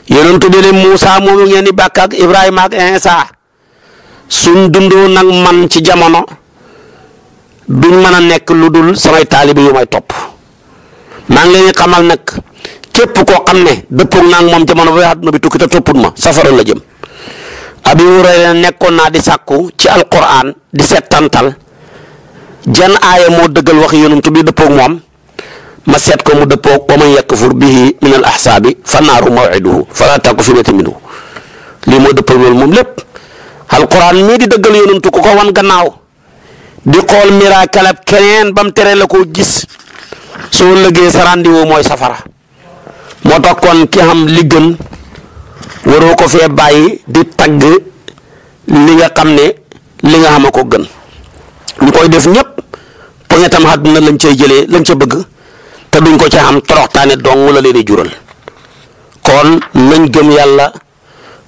A: yonent bi ne musa momu ngeni di ibrahim ak Isa sun dundu nak man ci jamono duñ mëna nek nekk lu dul samay taalibe yu may top maa ngi leen xamal nak képp ko xamné ne nak mom jamono ba àdduna bi tukki ta topul ma safara la jëm abi hurayra nekkoon naa di sakku ci alquran di setantal jan aya mo deugal wax ci bi ak mom ma set ko mu ko ma man fur bihi min al ahsabi fa naru mawiduhu fala taku fi minhu li mo deppal mom lepp alquran mi di deugal yonentou ku ko wan gannaaw di xol miracle ab keneen bam tere la ko gis so lëggee sa rendez-vous moy safara mo tax kon ki xam li gën waro ko fe di tag li nga xamne ne li nga xamako ko gën ñu koy def ñëpp poñetam àdduna lañ cey jëlee lañ ca bëgg te duñ ko am tane dong la leen jural kon nañ gëm yalla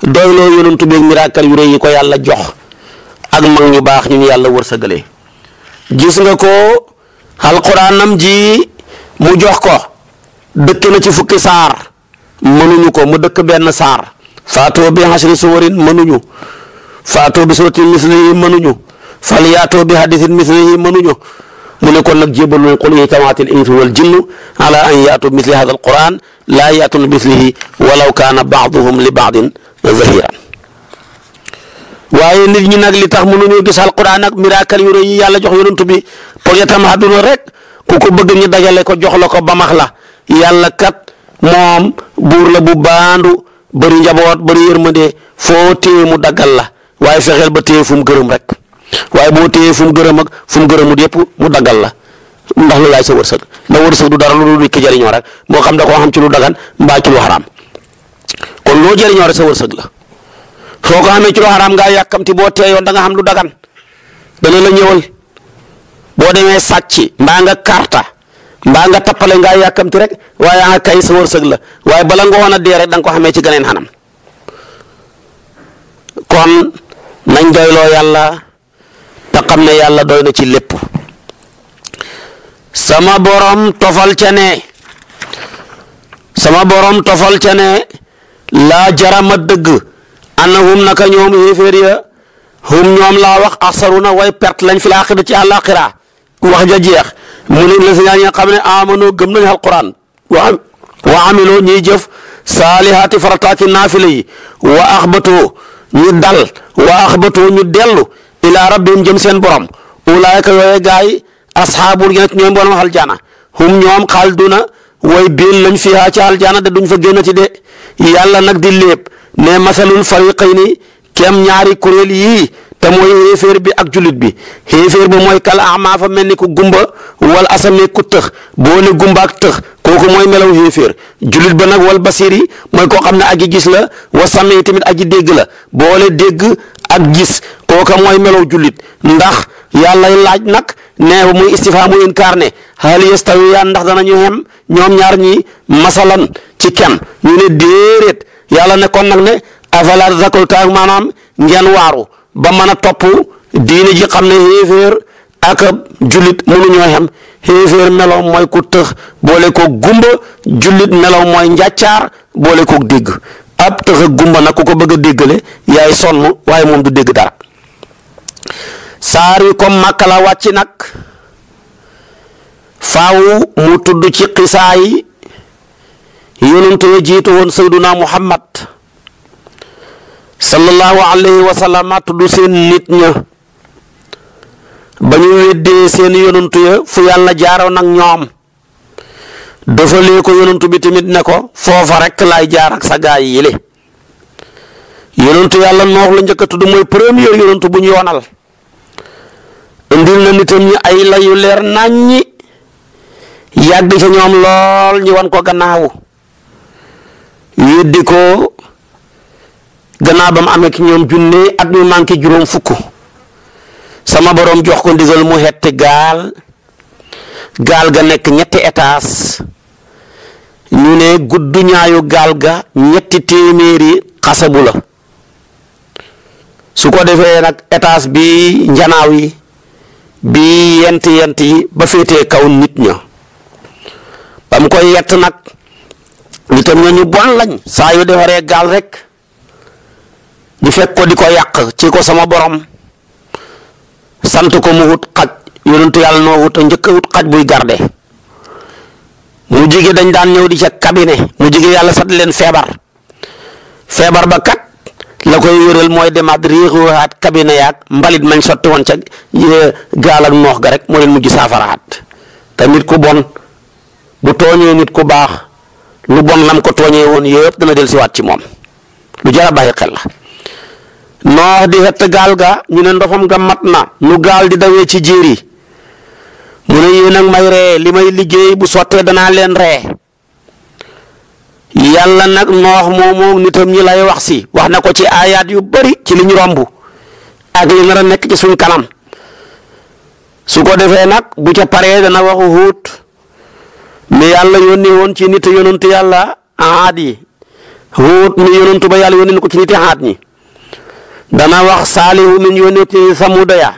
A: doyloo yonent bi miraakal yu rëy yi ko yàlla jox ak mag ñu baax ñu yàlla wërsëgalee gis nga ko alxuraanam ji mu jox ko dëkk na ci fukki saar mënuñu ko mu dëkk benn saar faatoo bi xasri suwarin mënuñu faatoo bi suratin mislihi mënuñu falyaatoo bi hadisin mislihi mënuñu mu ne kon nag jébalul qul ijtamaat al insu wal jinnu ala an yaatu misli hada al quran laa yaatun mislihi wal kaana baaduhum li baax Wahai zahira waaye nit ñi nak li tax ñu gis alquran ak miracle yu reuy yalla jox yonantu bi pour yatam àdduna rek ku ko bëgg ñi dajale ko jox lako ba max la yalla kat mom bur la bu bandu bari njabot bari yermande fo téye mu dagal la waye fexel ba téye fum gëreum rek waye bo téye fum gëreum ak fum gëreum yépp mu dagal la ndax lu lay sa da du dara lu kijariño rek mo xam da ko xam ci lu dagan mba ci lu haram kon loo jëriñoo rek sa wërsëg la soo ko xamee ci lu xaraam ngaa yàkkamti boo teeyoon da nga xam lu dagan dana la ñëwal boo demee sàcc mbaa nga karta mbaa nga tappale ngaa yàkkamti rek waaye a ah kay sa wërsëg la waaye bala nga woon a dee rek da ko xamee ci ganeen xanam kon nañ doyloo yàlla te xam ne yàlla doy na ci lépp sama borom tofal ca sama borom tofal ca la laa jarama dëgg annahum naka ñoom yéeféer ya hum ñoom laa wax na way pert lañ fi laaxira ci àllaaxira wax ja jeex mu ne la si ñaa ñi nga xam ne amanoo gëm nañu alquran wa wa amiloo ñiy jëf saalihaati farataaki naafila yi wa axbatoo ñu dal wa axbatoo ñu dellu ilaa rabbihim jëm seen borom ulaayka yooye gaay asxaabul ñoom borom xal jaana hum ñoom xaalduna way biil lañ fiha ci aljana da duñ fa génnati de yàlla nag di léeb ne masalul fariqayni kem ñaari kuréel yii te mooy xéeféer bi ak julit bi xéeféer ba mooy kal ama fa mel ni ku gumba wal asame ku tëx boole gumba ak tëx kooku mooy melaw xéeféer julit ba nag wal basir mooy koo xam ne aji gis la wa same tamit aji dégg la boole dégg ak gis kooka mooy melaw julit ndax yàlla laaj nag ne muy istifhaamu inkaar ne hal yastawiya ndax danañu ñoom ñaar ñi masalan ci kenn ñu ne déeréet yàlla ne kon nag ne afala tazakkaruun maanaam ngeen waaru ba mën a topp diine ji xam ne xéeféer ak jullit mënuñoo xem xéeféer melow mooy ku tëx boole ko gumba jullit melow mooy njàccaar boole kook dégg ab tëx ak gumba nag ku ko bëgg a déggale yaay sonn waaye moom du dégg dara saar yi comme màkka la nag faaw mu tudd ci xisaa yi jiitu woon muhammad sallallahu alayhi wa sallam tudd seen nit ña ba ñu weddee seen yonantu ya fu yàlla jaaroon ak ñoom defalee ko yonantu bi tamit ne ko foofa rek lay jaar ak sa gaay yi le yonantu yàlla noox la njëkk a tudd premier bu ñu indil na nitam ñi ay layu leer yag ci ñoom lool ñu wan ko gannaaw yeddi ko gannaaw bam amé ci ñoom at ñu manki juroom fukk sama borom jox ko ndigal mu xett gal gal ga nek ñetti yu ñu né guddu ñaayu gal ga ñetti téméré xassabu la su ko défé nak bi ñanaaw bi yent yent yi ba fété kaw nit bam koy yett nag nitam ñu bon lañ sa yu defare gal rek ñu fekk ko di yak ci ko sama borom sant ko mu wut xaj yonentu yalla no wut ñeuk wut xaj buy garde mu jige dañ daan ñew di ci cabinet mu jige yalla sat leen febar febar ba kat la koy wëral mooy demaat hat cabinet yak mbalit mañ sotti won ci eh, gaal ak noox ga rek mo leen mujj saafaraat te ku bon bu tooñee nit ku baax lu bon lam ko tooñee woon yëpp dana del siwaat ci moom lu jar a bàyyi xel la noox di xett gaal gaa ñu ne ndofam ga mat na nu gaal di dawee ci jéer yi mu ne yéen ak may ree li may liggéey bu sottee danaa leen ree yàlla nag noox moomu nitam ñi lay wax si wax na ko ci aayaat yu bari ci li ñu romb ak li nar a nekk ci suñ kanam su ko defee nag bu ca paree dana waxu huut mi yàlla yónni woon ci nit yonent yàlla aad yi huut mi yonantu ba yàlla yónni ko ci nit aad ñi dana wax saalihu min yonent samuda ya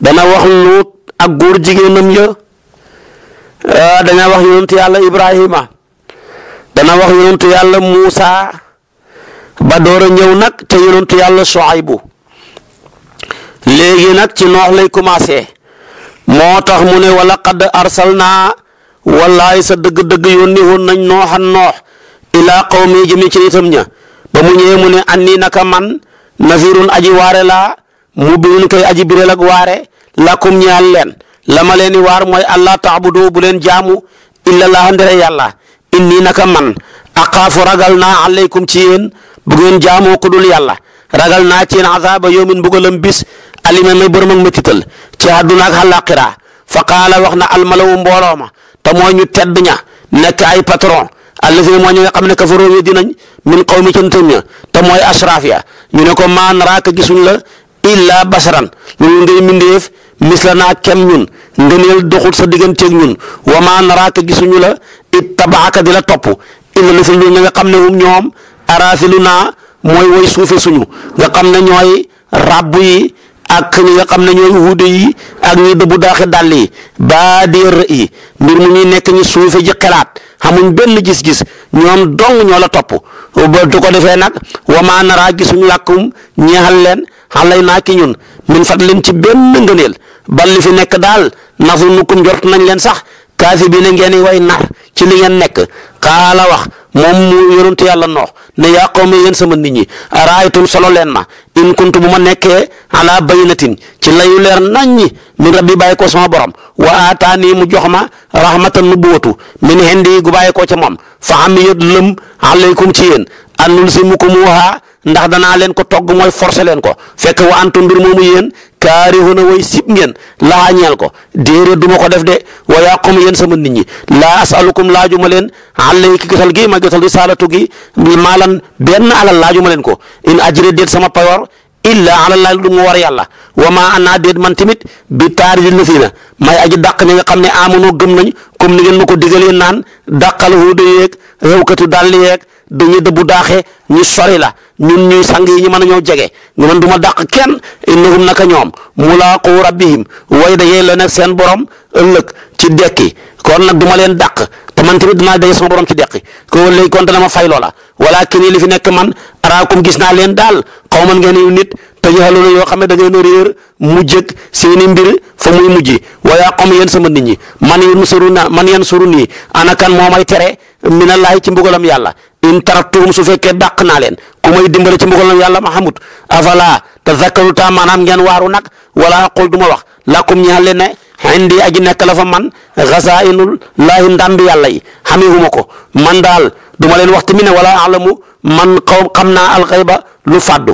A: dana wax lut ak góor jigéenam ya ah, dana wax yonent yàlla ibrahima dana wax yonent yàlla musa ba door a ñëw nag ca yonantu yàlla soaybu léegi nag ci noox lay commencé moo tax mu ne wala qad arsalnaa wallaay sa dëgg-dëgg yónni woon nañ nooxan noox ilaa qawmi jëmi ci nitam ña ba mu ñëwee mu ne anni naka man nazirun aji waare laa mubinun kay aji biral ak waare lakum ñaal leen la ma leen i waar mooy allah taabudu bu leen jaamu illa laa ndere yàlla inni naka man aqaafu ragal naa aleykum ci yéen bu ngeen jaamoo ku dul yàlla ragal naa ci yéen azaaba yawmin mbugalam bis alima may borom ak mettital ci àdduna ak àllaaxira fa qaala wax na almalawu mbooloo ma te mooy ñu tedd ña nekk ay patron allazina mooy ñi nga xam ne kafaroo weddi nañ min qawmi cantam ña te mooy asraaf ya ñu ne ko maa naraaka gisuñ la illa basaran loolu ngay naa kem ñun ngëneel doxul sa digganteeg ñun wa maa naraaka gisuñu la ittabaaka di la topp illa lu fi nga xam ne hum ñoom araafilu naa mooy woy suufe suñu nga xam ne ñooy ràbb yi ak ñi nga xam ne ñooy wuude yi ak ñi dëbbu daaxi dàll yi baa dee rë yi mbir mu ñuy nekk ñu suufe ji xelaat xamuñ benn gis-gis ñoom dong ñoo la topp ba du ko defee nag wamaa naraa gisuñu làkkum ñeexal leen xalay naa ki ñun min fat leen ci benn ngëneel bal li fi nekk daal nafu nukkum jort nañ leen sax kaasi bi na ngeen way nar ci li ngeen nekk xaala wax moom mu yonentu yàlla noox ne yaa qawmi yéen sama nit ñi araaytum solo leen ma in kuntu bu ma nekkee ala baynatin ci layu leer nañ ñi min rabbi bàyyi ko sama borom wa aataani mu jox ma rahmatan nubuwatu min hindi gu bàyyi ko ca moom fa amiyat lëm alaykum ci yéen an nulsimukum waha ndax danaa leen ko togg mooy forcer leen ko fekk wa antu ndur moomu yéen kaarihuna way sib ngeen laa ñeel ko déere duma ko def de wa yàqum yéen sama nit ñi laa asalukum laajuma leen alayki gisal gi ma gisal risaalatu gi maalan benn alal laajuma leen ko in ajri déet sama payoor illa ala laahi lu mu war yàlla wa maa ana déet man tamit bi taariji lëfina may aji dàq ñi nga xam ne amonoo gëm nañ comme ni ngeen ma ko digalee naan dàqal huude yeeg réwkatu dàll yeeg dañuy dëbbu daaxe ñu sori la ñun ñuy sang yi ñu man a ñoo jege ñu man du ma dàq kenn innahum naka ñoom mulaaqu rabbihim way dajee la nekk seen borom ëllëg ci dekki kon nag du leen dàq te man tamit dinaa daje sama borom ci dekki ko léegi kon dana ma fay loola walakin li fi nekk man araakum gis naa leen daal xaw man ngeen yu nit te jaxaloona yoo xam ne da ngeen a réer mu jëg seeni mbir fa muy mujj waaye xom yéen sama nit ñi man yéen suru na man yéen suru nii ana kan moo may tere minallaahi ci mbugalam yàlla in taraktuhum su fekkee dàq naa leen ku may dimbale ci mbugalam yàlla ma xamut afala tazakkaruuna maanaam ngeen waaru nag wala aqul du ma wax lakum ñaal leen ne indi aji nekk la fa man xasaa'inul laahi ndàmbi yàlla yi xamewuma ko man daal du ma leen wax tamit ne wala a man xaw xam naa alxayba lu fàddu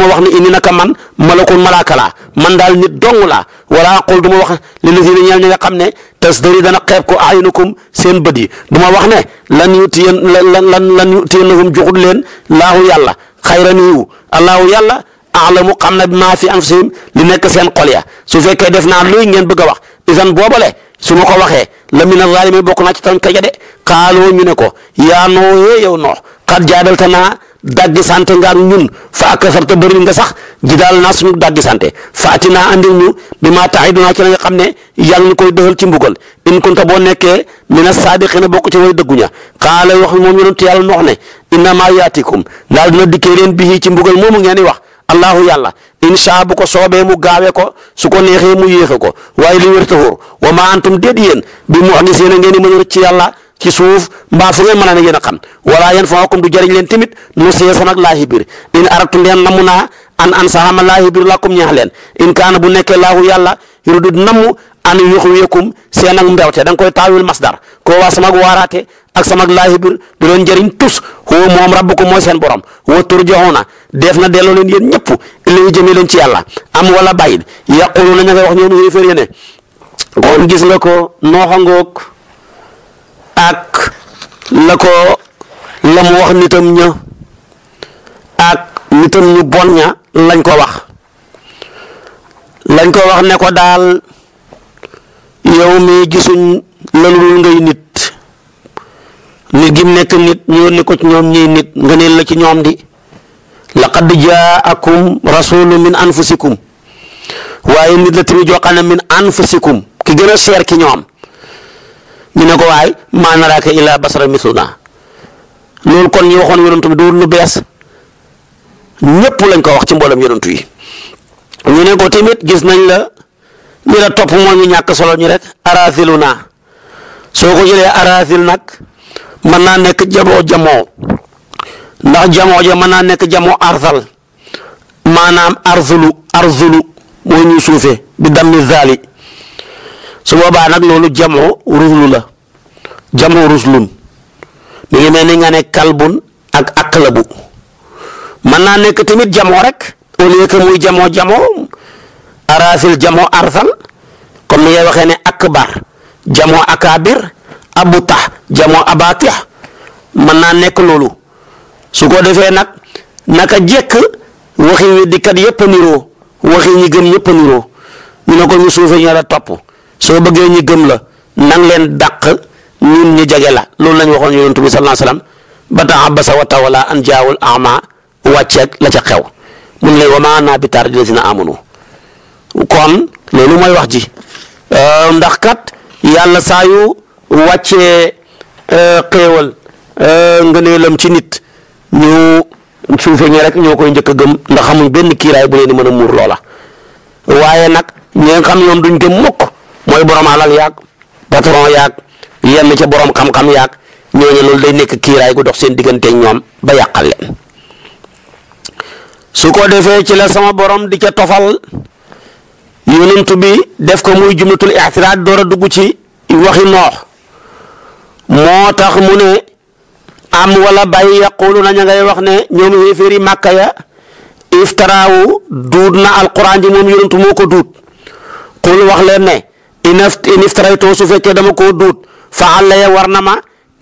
A: ma wax ne inni naka man malakun malaaka laa man daal nit dong laa wala aqul du ma wax li la si ne ñeel ñi nga ne tasdari dana xeeb ko aynukum seen bët yi du ma wax ne lan yutiyan lan lan lan yutiyannahum joxut leen laahu yàlla xayran yiw allahu yàlla aalamu xam na maa fi anfusihim li nekk seen xol ya su fekkee def naa luy ngeen bëgg a wax isan boobale su ma ko waxee la mina zaalimi bokk naa ci tan kaja de xaaloo ñu ne ko yaa noo yee yow noox xat jaadalta naa daggi sante nga ak ñun fa akafarta bëri nga sax ji daal naa suñu daggi sante faati naa andil ñu bi maa taidunaa ci la xam ne yàlla ñu koy defal ci mbugal in kunta boo nekkee mina saadiqina bokk ci way dëggu ña xaala wax moom yonentu yàlla noox ne innamaa yaatikum daal dina dikkee leen bii ci mbugal moomu ngeen di wax allahu yàlla insha bu ko soobee mu gaawee ko su ko neexee mu yéexe ko waaye li wér te wa maa antum déet yéen bi mu xam ne seen ci suuf mbaa fu ngeen mën a ngeen a xam wala yan faakum du jariñ leen timit nu seesu nag laahi bir in aratu ndeen namu naa an an saxama laahi bir lakum ñaax leen in kaana bu nekkee laahu yàlla yuridu namu an yuxwiyakum seen ak mbewte da koy taawil masdar ko waa samag waaraate ak samag laahi bir du leen jariñ tus hu moom rabbukum mooy seen borom wa turjaxuna def na delloo leen yéen ñëpp ilay jëmee leen ci yàlla am wala bàyyil yaqulu ña wax ñoom yéeféer yéene ya kon gis nga ko nooxangoog ak lako lam wax nitam ña ak nitam ñu bon ña lañ ko wax lañ ko wax ne ko dal yow mi lu ngay nit ni gim nek nit ñu ne ko ci ñom ñi nit nga ne la ci ñom di laqad jaakum rasulun min anfusikum waye nit la tri min anfusikum ki gëna a ki ñom ñu ne ko waay maa naraaka ila basara misluna loolu kon ñu waxoon yonantu bi doon lu bees ñëpp lañ ko wax ci mboolem yonantu yi ñu ne ko tamit gis nañ la ñu la topp moo ñu ñàkk solo ñu rek arasiluna soo ko jëlee arasil nag mën naa nekk jamoo jamoo ndax jamoo ja mën naa nekk jamoo arsal maanaam arzulu arzulu moo ñu bidam bi dammi zaali su boobaa nag loolu jamoo ruhlu la jamu ruslun mi ngi melni nga ne kalbun ak aklabu man na nek tamit jamo rek au lieu que muy jamo jamo arasil jamo arsal comme ni waxe ne akbar jamo akabir abuta jamo abatih man na nek lolu su ko defé nak naka jek waxi weddi kat yep niro waxi ni gëm yep niro ni nako ñu suufé ñara top so bëggé ñi gëm la nang len dakk ñun ñu jege la loolu la ñu waxoon yonent bi sallallahu alayhi wa sallam ba tax abasa wa tawala an jaawul ama wàcceeg la ca xew mun lay wama naa bi taar dina dina amunu kon loolu mooy wax ji ehm, ndax kat yàlla saa yu wàccee nga eh, eh, ngëneelam ci nit ñu suufee ñi rek ñoo koy njëkk a gëm ndax xamuñ benn kiiraay bu leen mën a muur loola waaye nag ñi xam ñoom duñ gëm mukk mooy borom alal yaag patron yaag yenn iya, ci borom xam-xam ñoo ñu lool day nekk kiiraay gu dox seen digënté ñoom ba yàqal leen su ko defee ci la sama borom di ca tofal yonent bi def ko muy jumlatul i'tirad door a dugg ci waxi noox moo tax mu ne am wala bàyyi yaquluna ña ngay wax ne ñoom xéeféeri màkka ya iftaraawu duud na alquran ji moom yonent moo ko duut wax leen ne in iftaraytoo su fekkee dama koo duut fa àllaye war na ma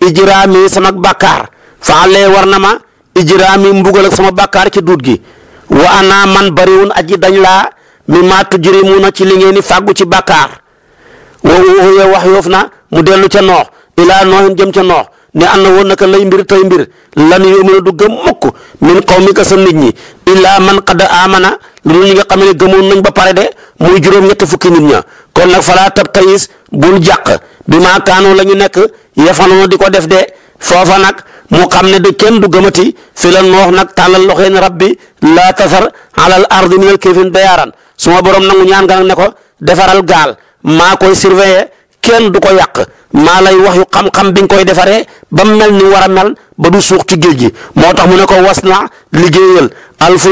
A: ijraami sama bakkaar fa àllaye war na ma ijraami mbugal ak sama bàkkaar ci duut gi wa ana man bariwun aji dañ laa mi maa na ci li ngeen di fàggu ci bàkkaar wa uuxiya wax yoof na mu dellu ca noox ilaa nooxin jëm ca noox ne na woon naka lay mbir tey mbir lan yóomuna du gëm mukk nit ñi illaa man qad amana loolu ñi nga xam ne gëmoon nañ ba pare de muy juróom ñetti fukki nit ña kon nag falaa tabtayis bul jàq bi maa kaanu la ñu nekk yefanoon di ko def de foofa nag mu xam ne du kenn du gëmati fi la noox nag tàllal loxeen rabbi laa tasar alal ardi minal kaafiriina dayyaaran suma borom nangu ñaan nga nag ne ko defaral gaal maa koy surveiller kenn du ko yàq maa lay wax yu xam-xam bi nga koy defaree ba mel ni war a mel ba du suux ci géej gi moo tax mu ne ko was na liggéeyal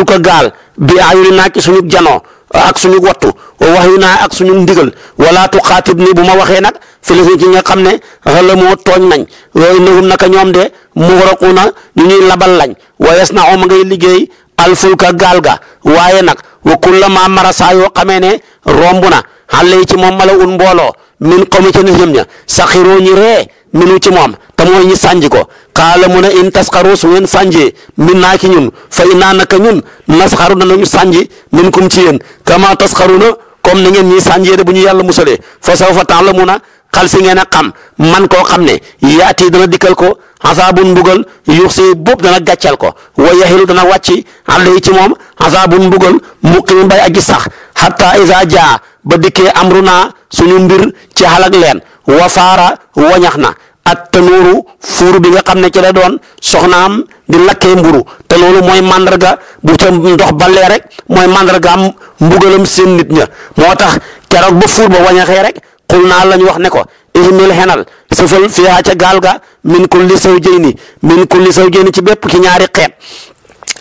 A: ko gaal bi ayuni naa ci suñu janoo ak suñu wattu wax yu naa ak suñu ndigal wala tuxaatib nii bu ma waxee nag filisi ci nga xam ne xala moo tooñ nañ na naka ñoom de muxraquuna ñu ñuy labal lañ wa yasna'u ma ngay liggéey alfulka gaal ga waaye nag wa ma marasaa yoo xamee ne romb na xale yi ci moom mala un mbooloo min xawmi ca nit ñëm ña saxiroo ñi ree minu ci moom te mooy ñi sànji ko xaala mu ne in tasxaru su ngeen sànjee min naa ci ñun fa innaa naka ñun nasxaru danañu sànji min kum ci yéen kama tasxaruna comme ni ngeen ñiy sànjee de bu ñu yàlla musalee fa sawfa ta'lamuna xal si ngeen a xam man koo xam ne yaati dana dikkal ko azaabun mbugal yuux si boobu dana gàccal ko wa yaxilu dana wàcci alayhi ci moom azaabun mbugal muqiim bay aji sax hatta iza jaa ba dikkee amruna suñu mbir ci xalak leen wafaara wañax na ak tanuuru fuuru bi nga xam ne ci la doon soxnaam di lakkee mburu te loolu mooy màndarga bu ca ndox balee rek mooy màndargaam mbugalam seen nit ña moo tax keroog ba fuur ba wañaxee rek xul naa la ñu wax ne ko ihmil xenal sëfal fiihaa ca gaal ga min kulli zawjayni min kulli zawjayni ci bépp ci ñaari xeet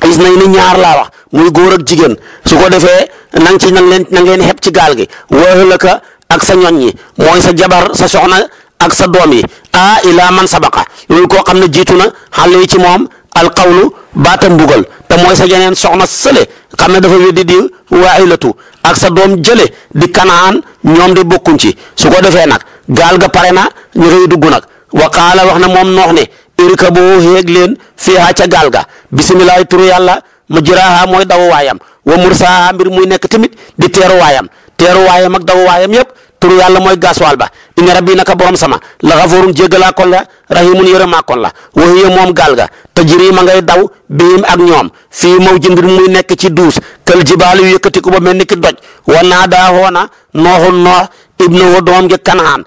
A: gis nañ ni ñaar laa wax muy góor ak jigéen su ko defee nang ci nang leen nang leen xeb ci gaal gi wa ahlaka ak sa ñoñ ñi mooy sa jabar sa soxna ak sa doomi a ila man sabaqa loolu ko xamne ne na xale ci al qawlu kaulu baten te moy sa so soxna sele xamne dafa wedi di wa'ilatu ak sa doom jele di kanaan ñom di bokkun ci su ko defé nak gal ga pare na ñu reuy duggu nak wa qala waxna mom moom noox ne irkabu xéeg leen ha ca gal ga bisimilahi turu yalla mu jiraaha daw wayam wa mursaha mbir muy nek timit di teru wayam teru wayam ak daw wayam yeb turu yàlla mooy gaasuwaal ba inna rabbi naka borom sama la xafoorun jéggalaa kon la rahimun yërëmaa kon la waxiya moom gaal ga tajri ma ngay daw bihim ak ñoom fii maw jëmbir muy nekk ci duus kël jibaal yu yëkkati ba mel ni ki doj wa naadaa hoona nooxu noox ibnahu doom ja kanaan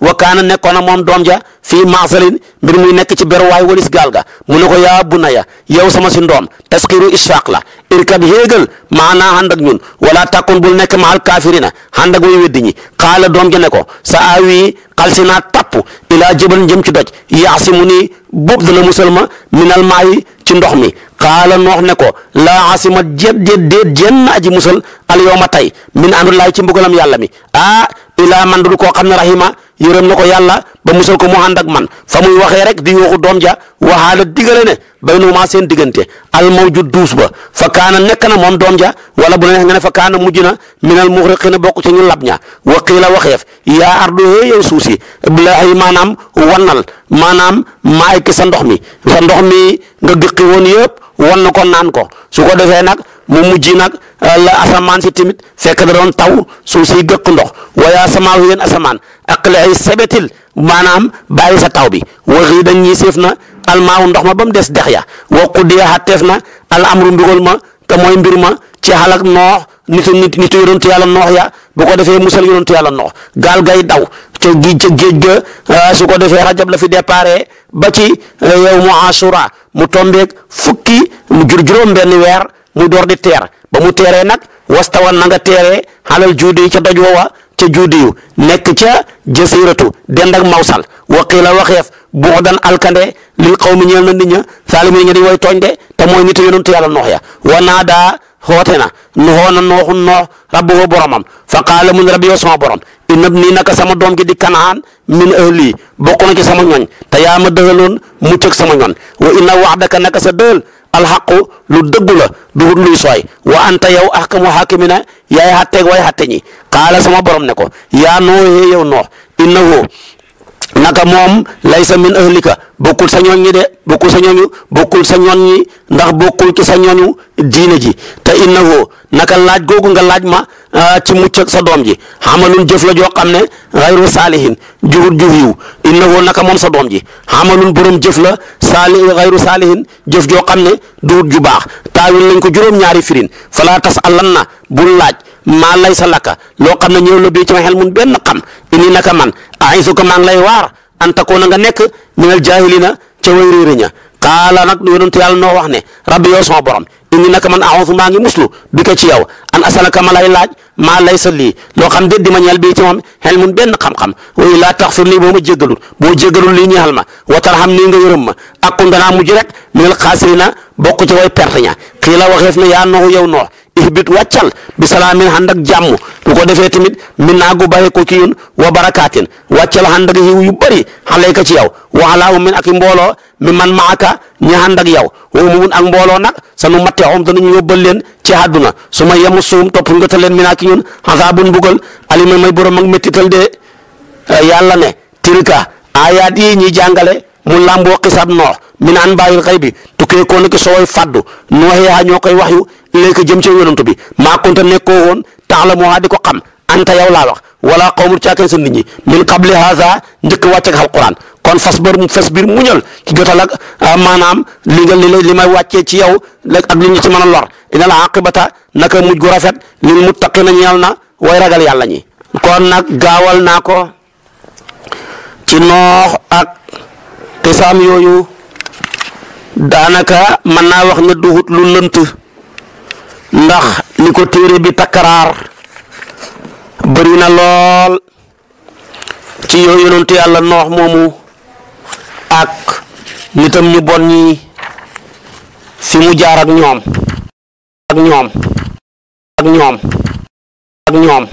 A: wa kaana nekkoon na moom doom ja fii maasalin mbir muy nekk ci beruwaay walis gaal ga mu ne ko yaa bunayya yow sama si ndoom tasxiru ishfaaq la irkab xéegal maanaa ànd ak ñun wala tàkkun bul nekk maal kaafirina ànd ak way weddi ñi xaala doom ji ne ko sa aawi xal si naa tapp ilaa ci doj yaasimu nii boob dana musal ma minal maayi ci ndox mi xaala noox ne ko laa asima jet jet déet jenn aji musal al yawma tey min amrillahi ci mbugalam yàlla mi ah ilaa man dul koo ne rahima yërëm na ko yàlla ba musal ko mu ànd ak man fa muy waxee rek di yooxu doom ja waxaala digale ne bay nuumaa seen diggante al mawjud duus ba fa kaana nekk na moom doom ja wala bu la neex nga ne fa kaana mujj na minal muxriqiina bokk ci ñu lab ña waqiila waxeef yaa ardu hee yow suuf si bilaahi maanaam wannal maanaam maa ay sa ndox mi sa ndox mi nga gëqi woon yëpp wan na ko naan ko su ko defee nag mu mujj nag euh, la asamaan si tamit fekk da doon taw suuf siy gëq ndox wa yaa samaahu yéen asamaan aqla'i sabatil maanaam bàyyi fa taw bi waxii dañ ñii siif na almaaw ndox ma ba des dex ya waqu dee xatteef na al amru mbiral ma te mooy mbir ma ci xalak noox nitu nit nitu yonentu yàlla noox ya bu ko defee musal yonentu yàlla noox gaal gay daw ca gi ca géej ga ah, su ko defee rajab la fi déparé ba ci eh, yow mu asura mu tombeeg fukki mu jur juróom benn weer mu door di teer ba mu teeree nag wastawan na nga teeree xalal juudi ca doj woowa ca juudiyu nekk ca jasiratu den ak mawsal waqiila waxeef buuxdan alkande lil qawmi ñeel na nit ña saalimi ña di way tooñ te mooy nit yonentu noox ya wa naa daa xoote na nu xoona nooxu noox rabbuhu boromam fa qaala mun rabbi yow sama borom inab nii naka sama doom gi di kanaan min ahli bokk ci sama ñoñ te yaa ma dëhaloon mucc sama ñoñ wa inna waxdaka naka sa dëhal alxaqu lu dëggu la duhut luy sooy wa anta yow ahkamu xaakimina yaay xatteeg way xatte ñi qaala sama borom ne ko yaa nooxee eh yow noox innahu naka moom laysa min ahlika bokkul sa ñooñ ñi de bokkul sa ñooñu bokkul sa ñooñ ñi ndax bokkul ci sa ñooñu diine ji te innahu naka laaj googu nga laaj ma ah, ci mucc ak sa doom ji xamalun jëf la joo xam ne xayru saalihin jurut jëf yiw innahu naka moom sa doom ji xamalun borom jëf la saali xayru saalihin jëf joo xam ne duut ju baax taawil nañ ko juróom-ñaari firin falaa tas allan na bul laaj ma lay salaka lo xamne ñew lo bi ci xel mun ben xam ini naka man aisu ko maa lay war anta ko nga nek minal jahilina ci way reerina ña nak du yonent yalla no wax ne rabbi yo sama borom ini naka man a'udhu ma ngi muslu bi ci yaw an asalaka ma lay laaj ma lay sali lo xam de di ma ñal bi ci mom xel mun ben xam-xam way la taxfir li bo ma jegalul bo jegalul li ñal ma wa tarham ni nga ma rek minal khasirina bokku ci way perte ña xiila waxeef yow no ihbit wàccal bi salaamin ànd ak jàmm bu ko defee tamit min naa gu bàyyi ko ci yun wa barakaatin wàccal ànd ak yiw yu bëri xalayka ci yow wa alaa min ak mbooloo mi man maaka ñi ànd ak yow umumun ak mbooloo nag sanu matte om danañu yóbbal leen ci àdduna su ma yemu suum topp nga ta leen mi naa ki ñun xasaabun mbugal alima may borom ak méttital de eh, yàlla ne tilka ayaat yi ñi jàngale mu làmboo xisab noox min an bàyyil xëy bi tukkee koo na ki sooy faddu ilayka jëm ci yonent bi maa kunta nekkoo woon taalamuhaa di ko xam anta yow laa wax wala qawmul caakan sa nit ñi min qabli haza njëkk wàcc ak alquran kon fas bar fas bir muñal ci jotal ak ah, maanaam li nga li li may wàccee ci yow ak li ñu ci mën a lor ina la aqibata naka mujj gu rafet lil muttaqina ñeel na way ragal yàlla ñi kon nag gaawal naa ko ci noox ak xisaam yooyu daanaka mën naa wax ne duhut lu lënt ndax li ko téere bi takkaraar bëri na lool ci yow yonentu yàlla noox moomu ak nitam ñu bon ñi fi mu jaar ñoom ak ñoom ak ñoom ak ñoom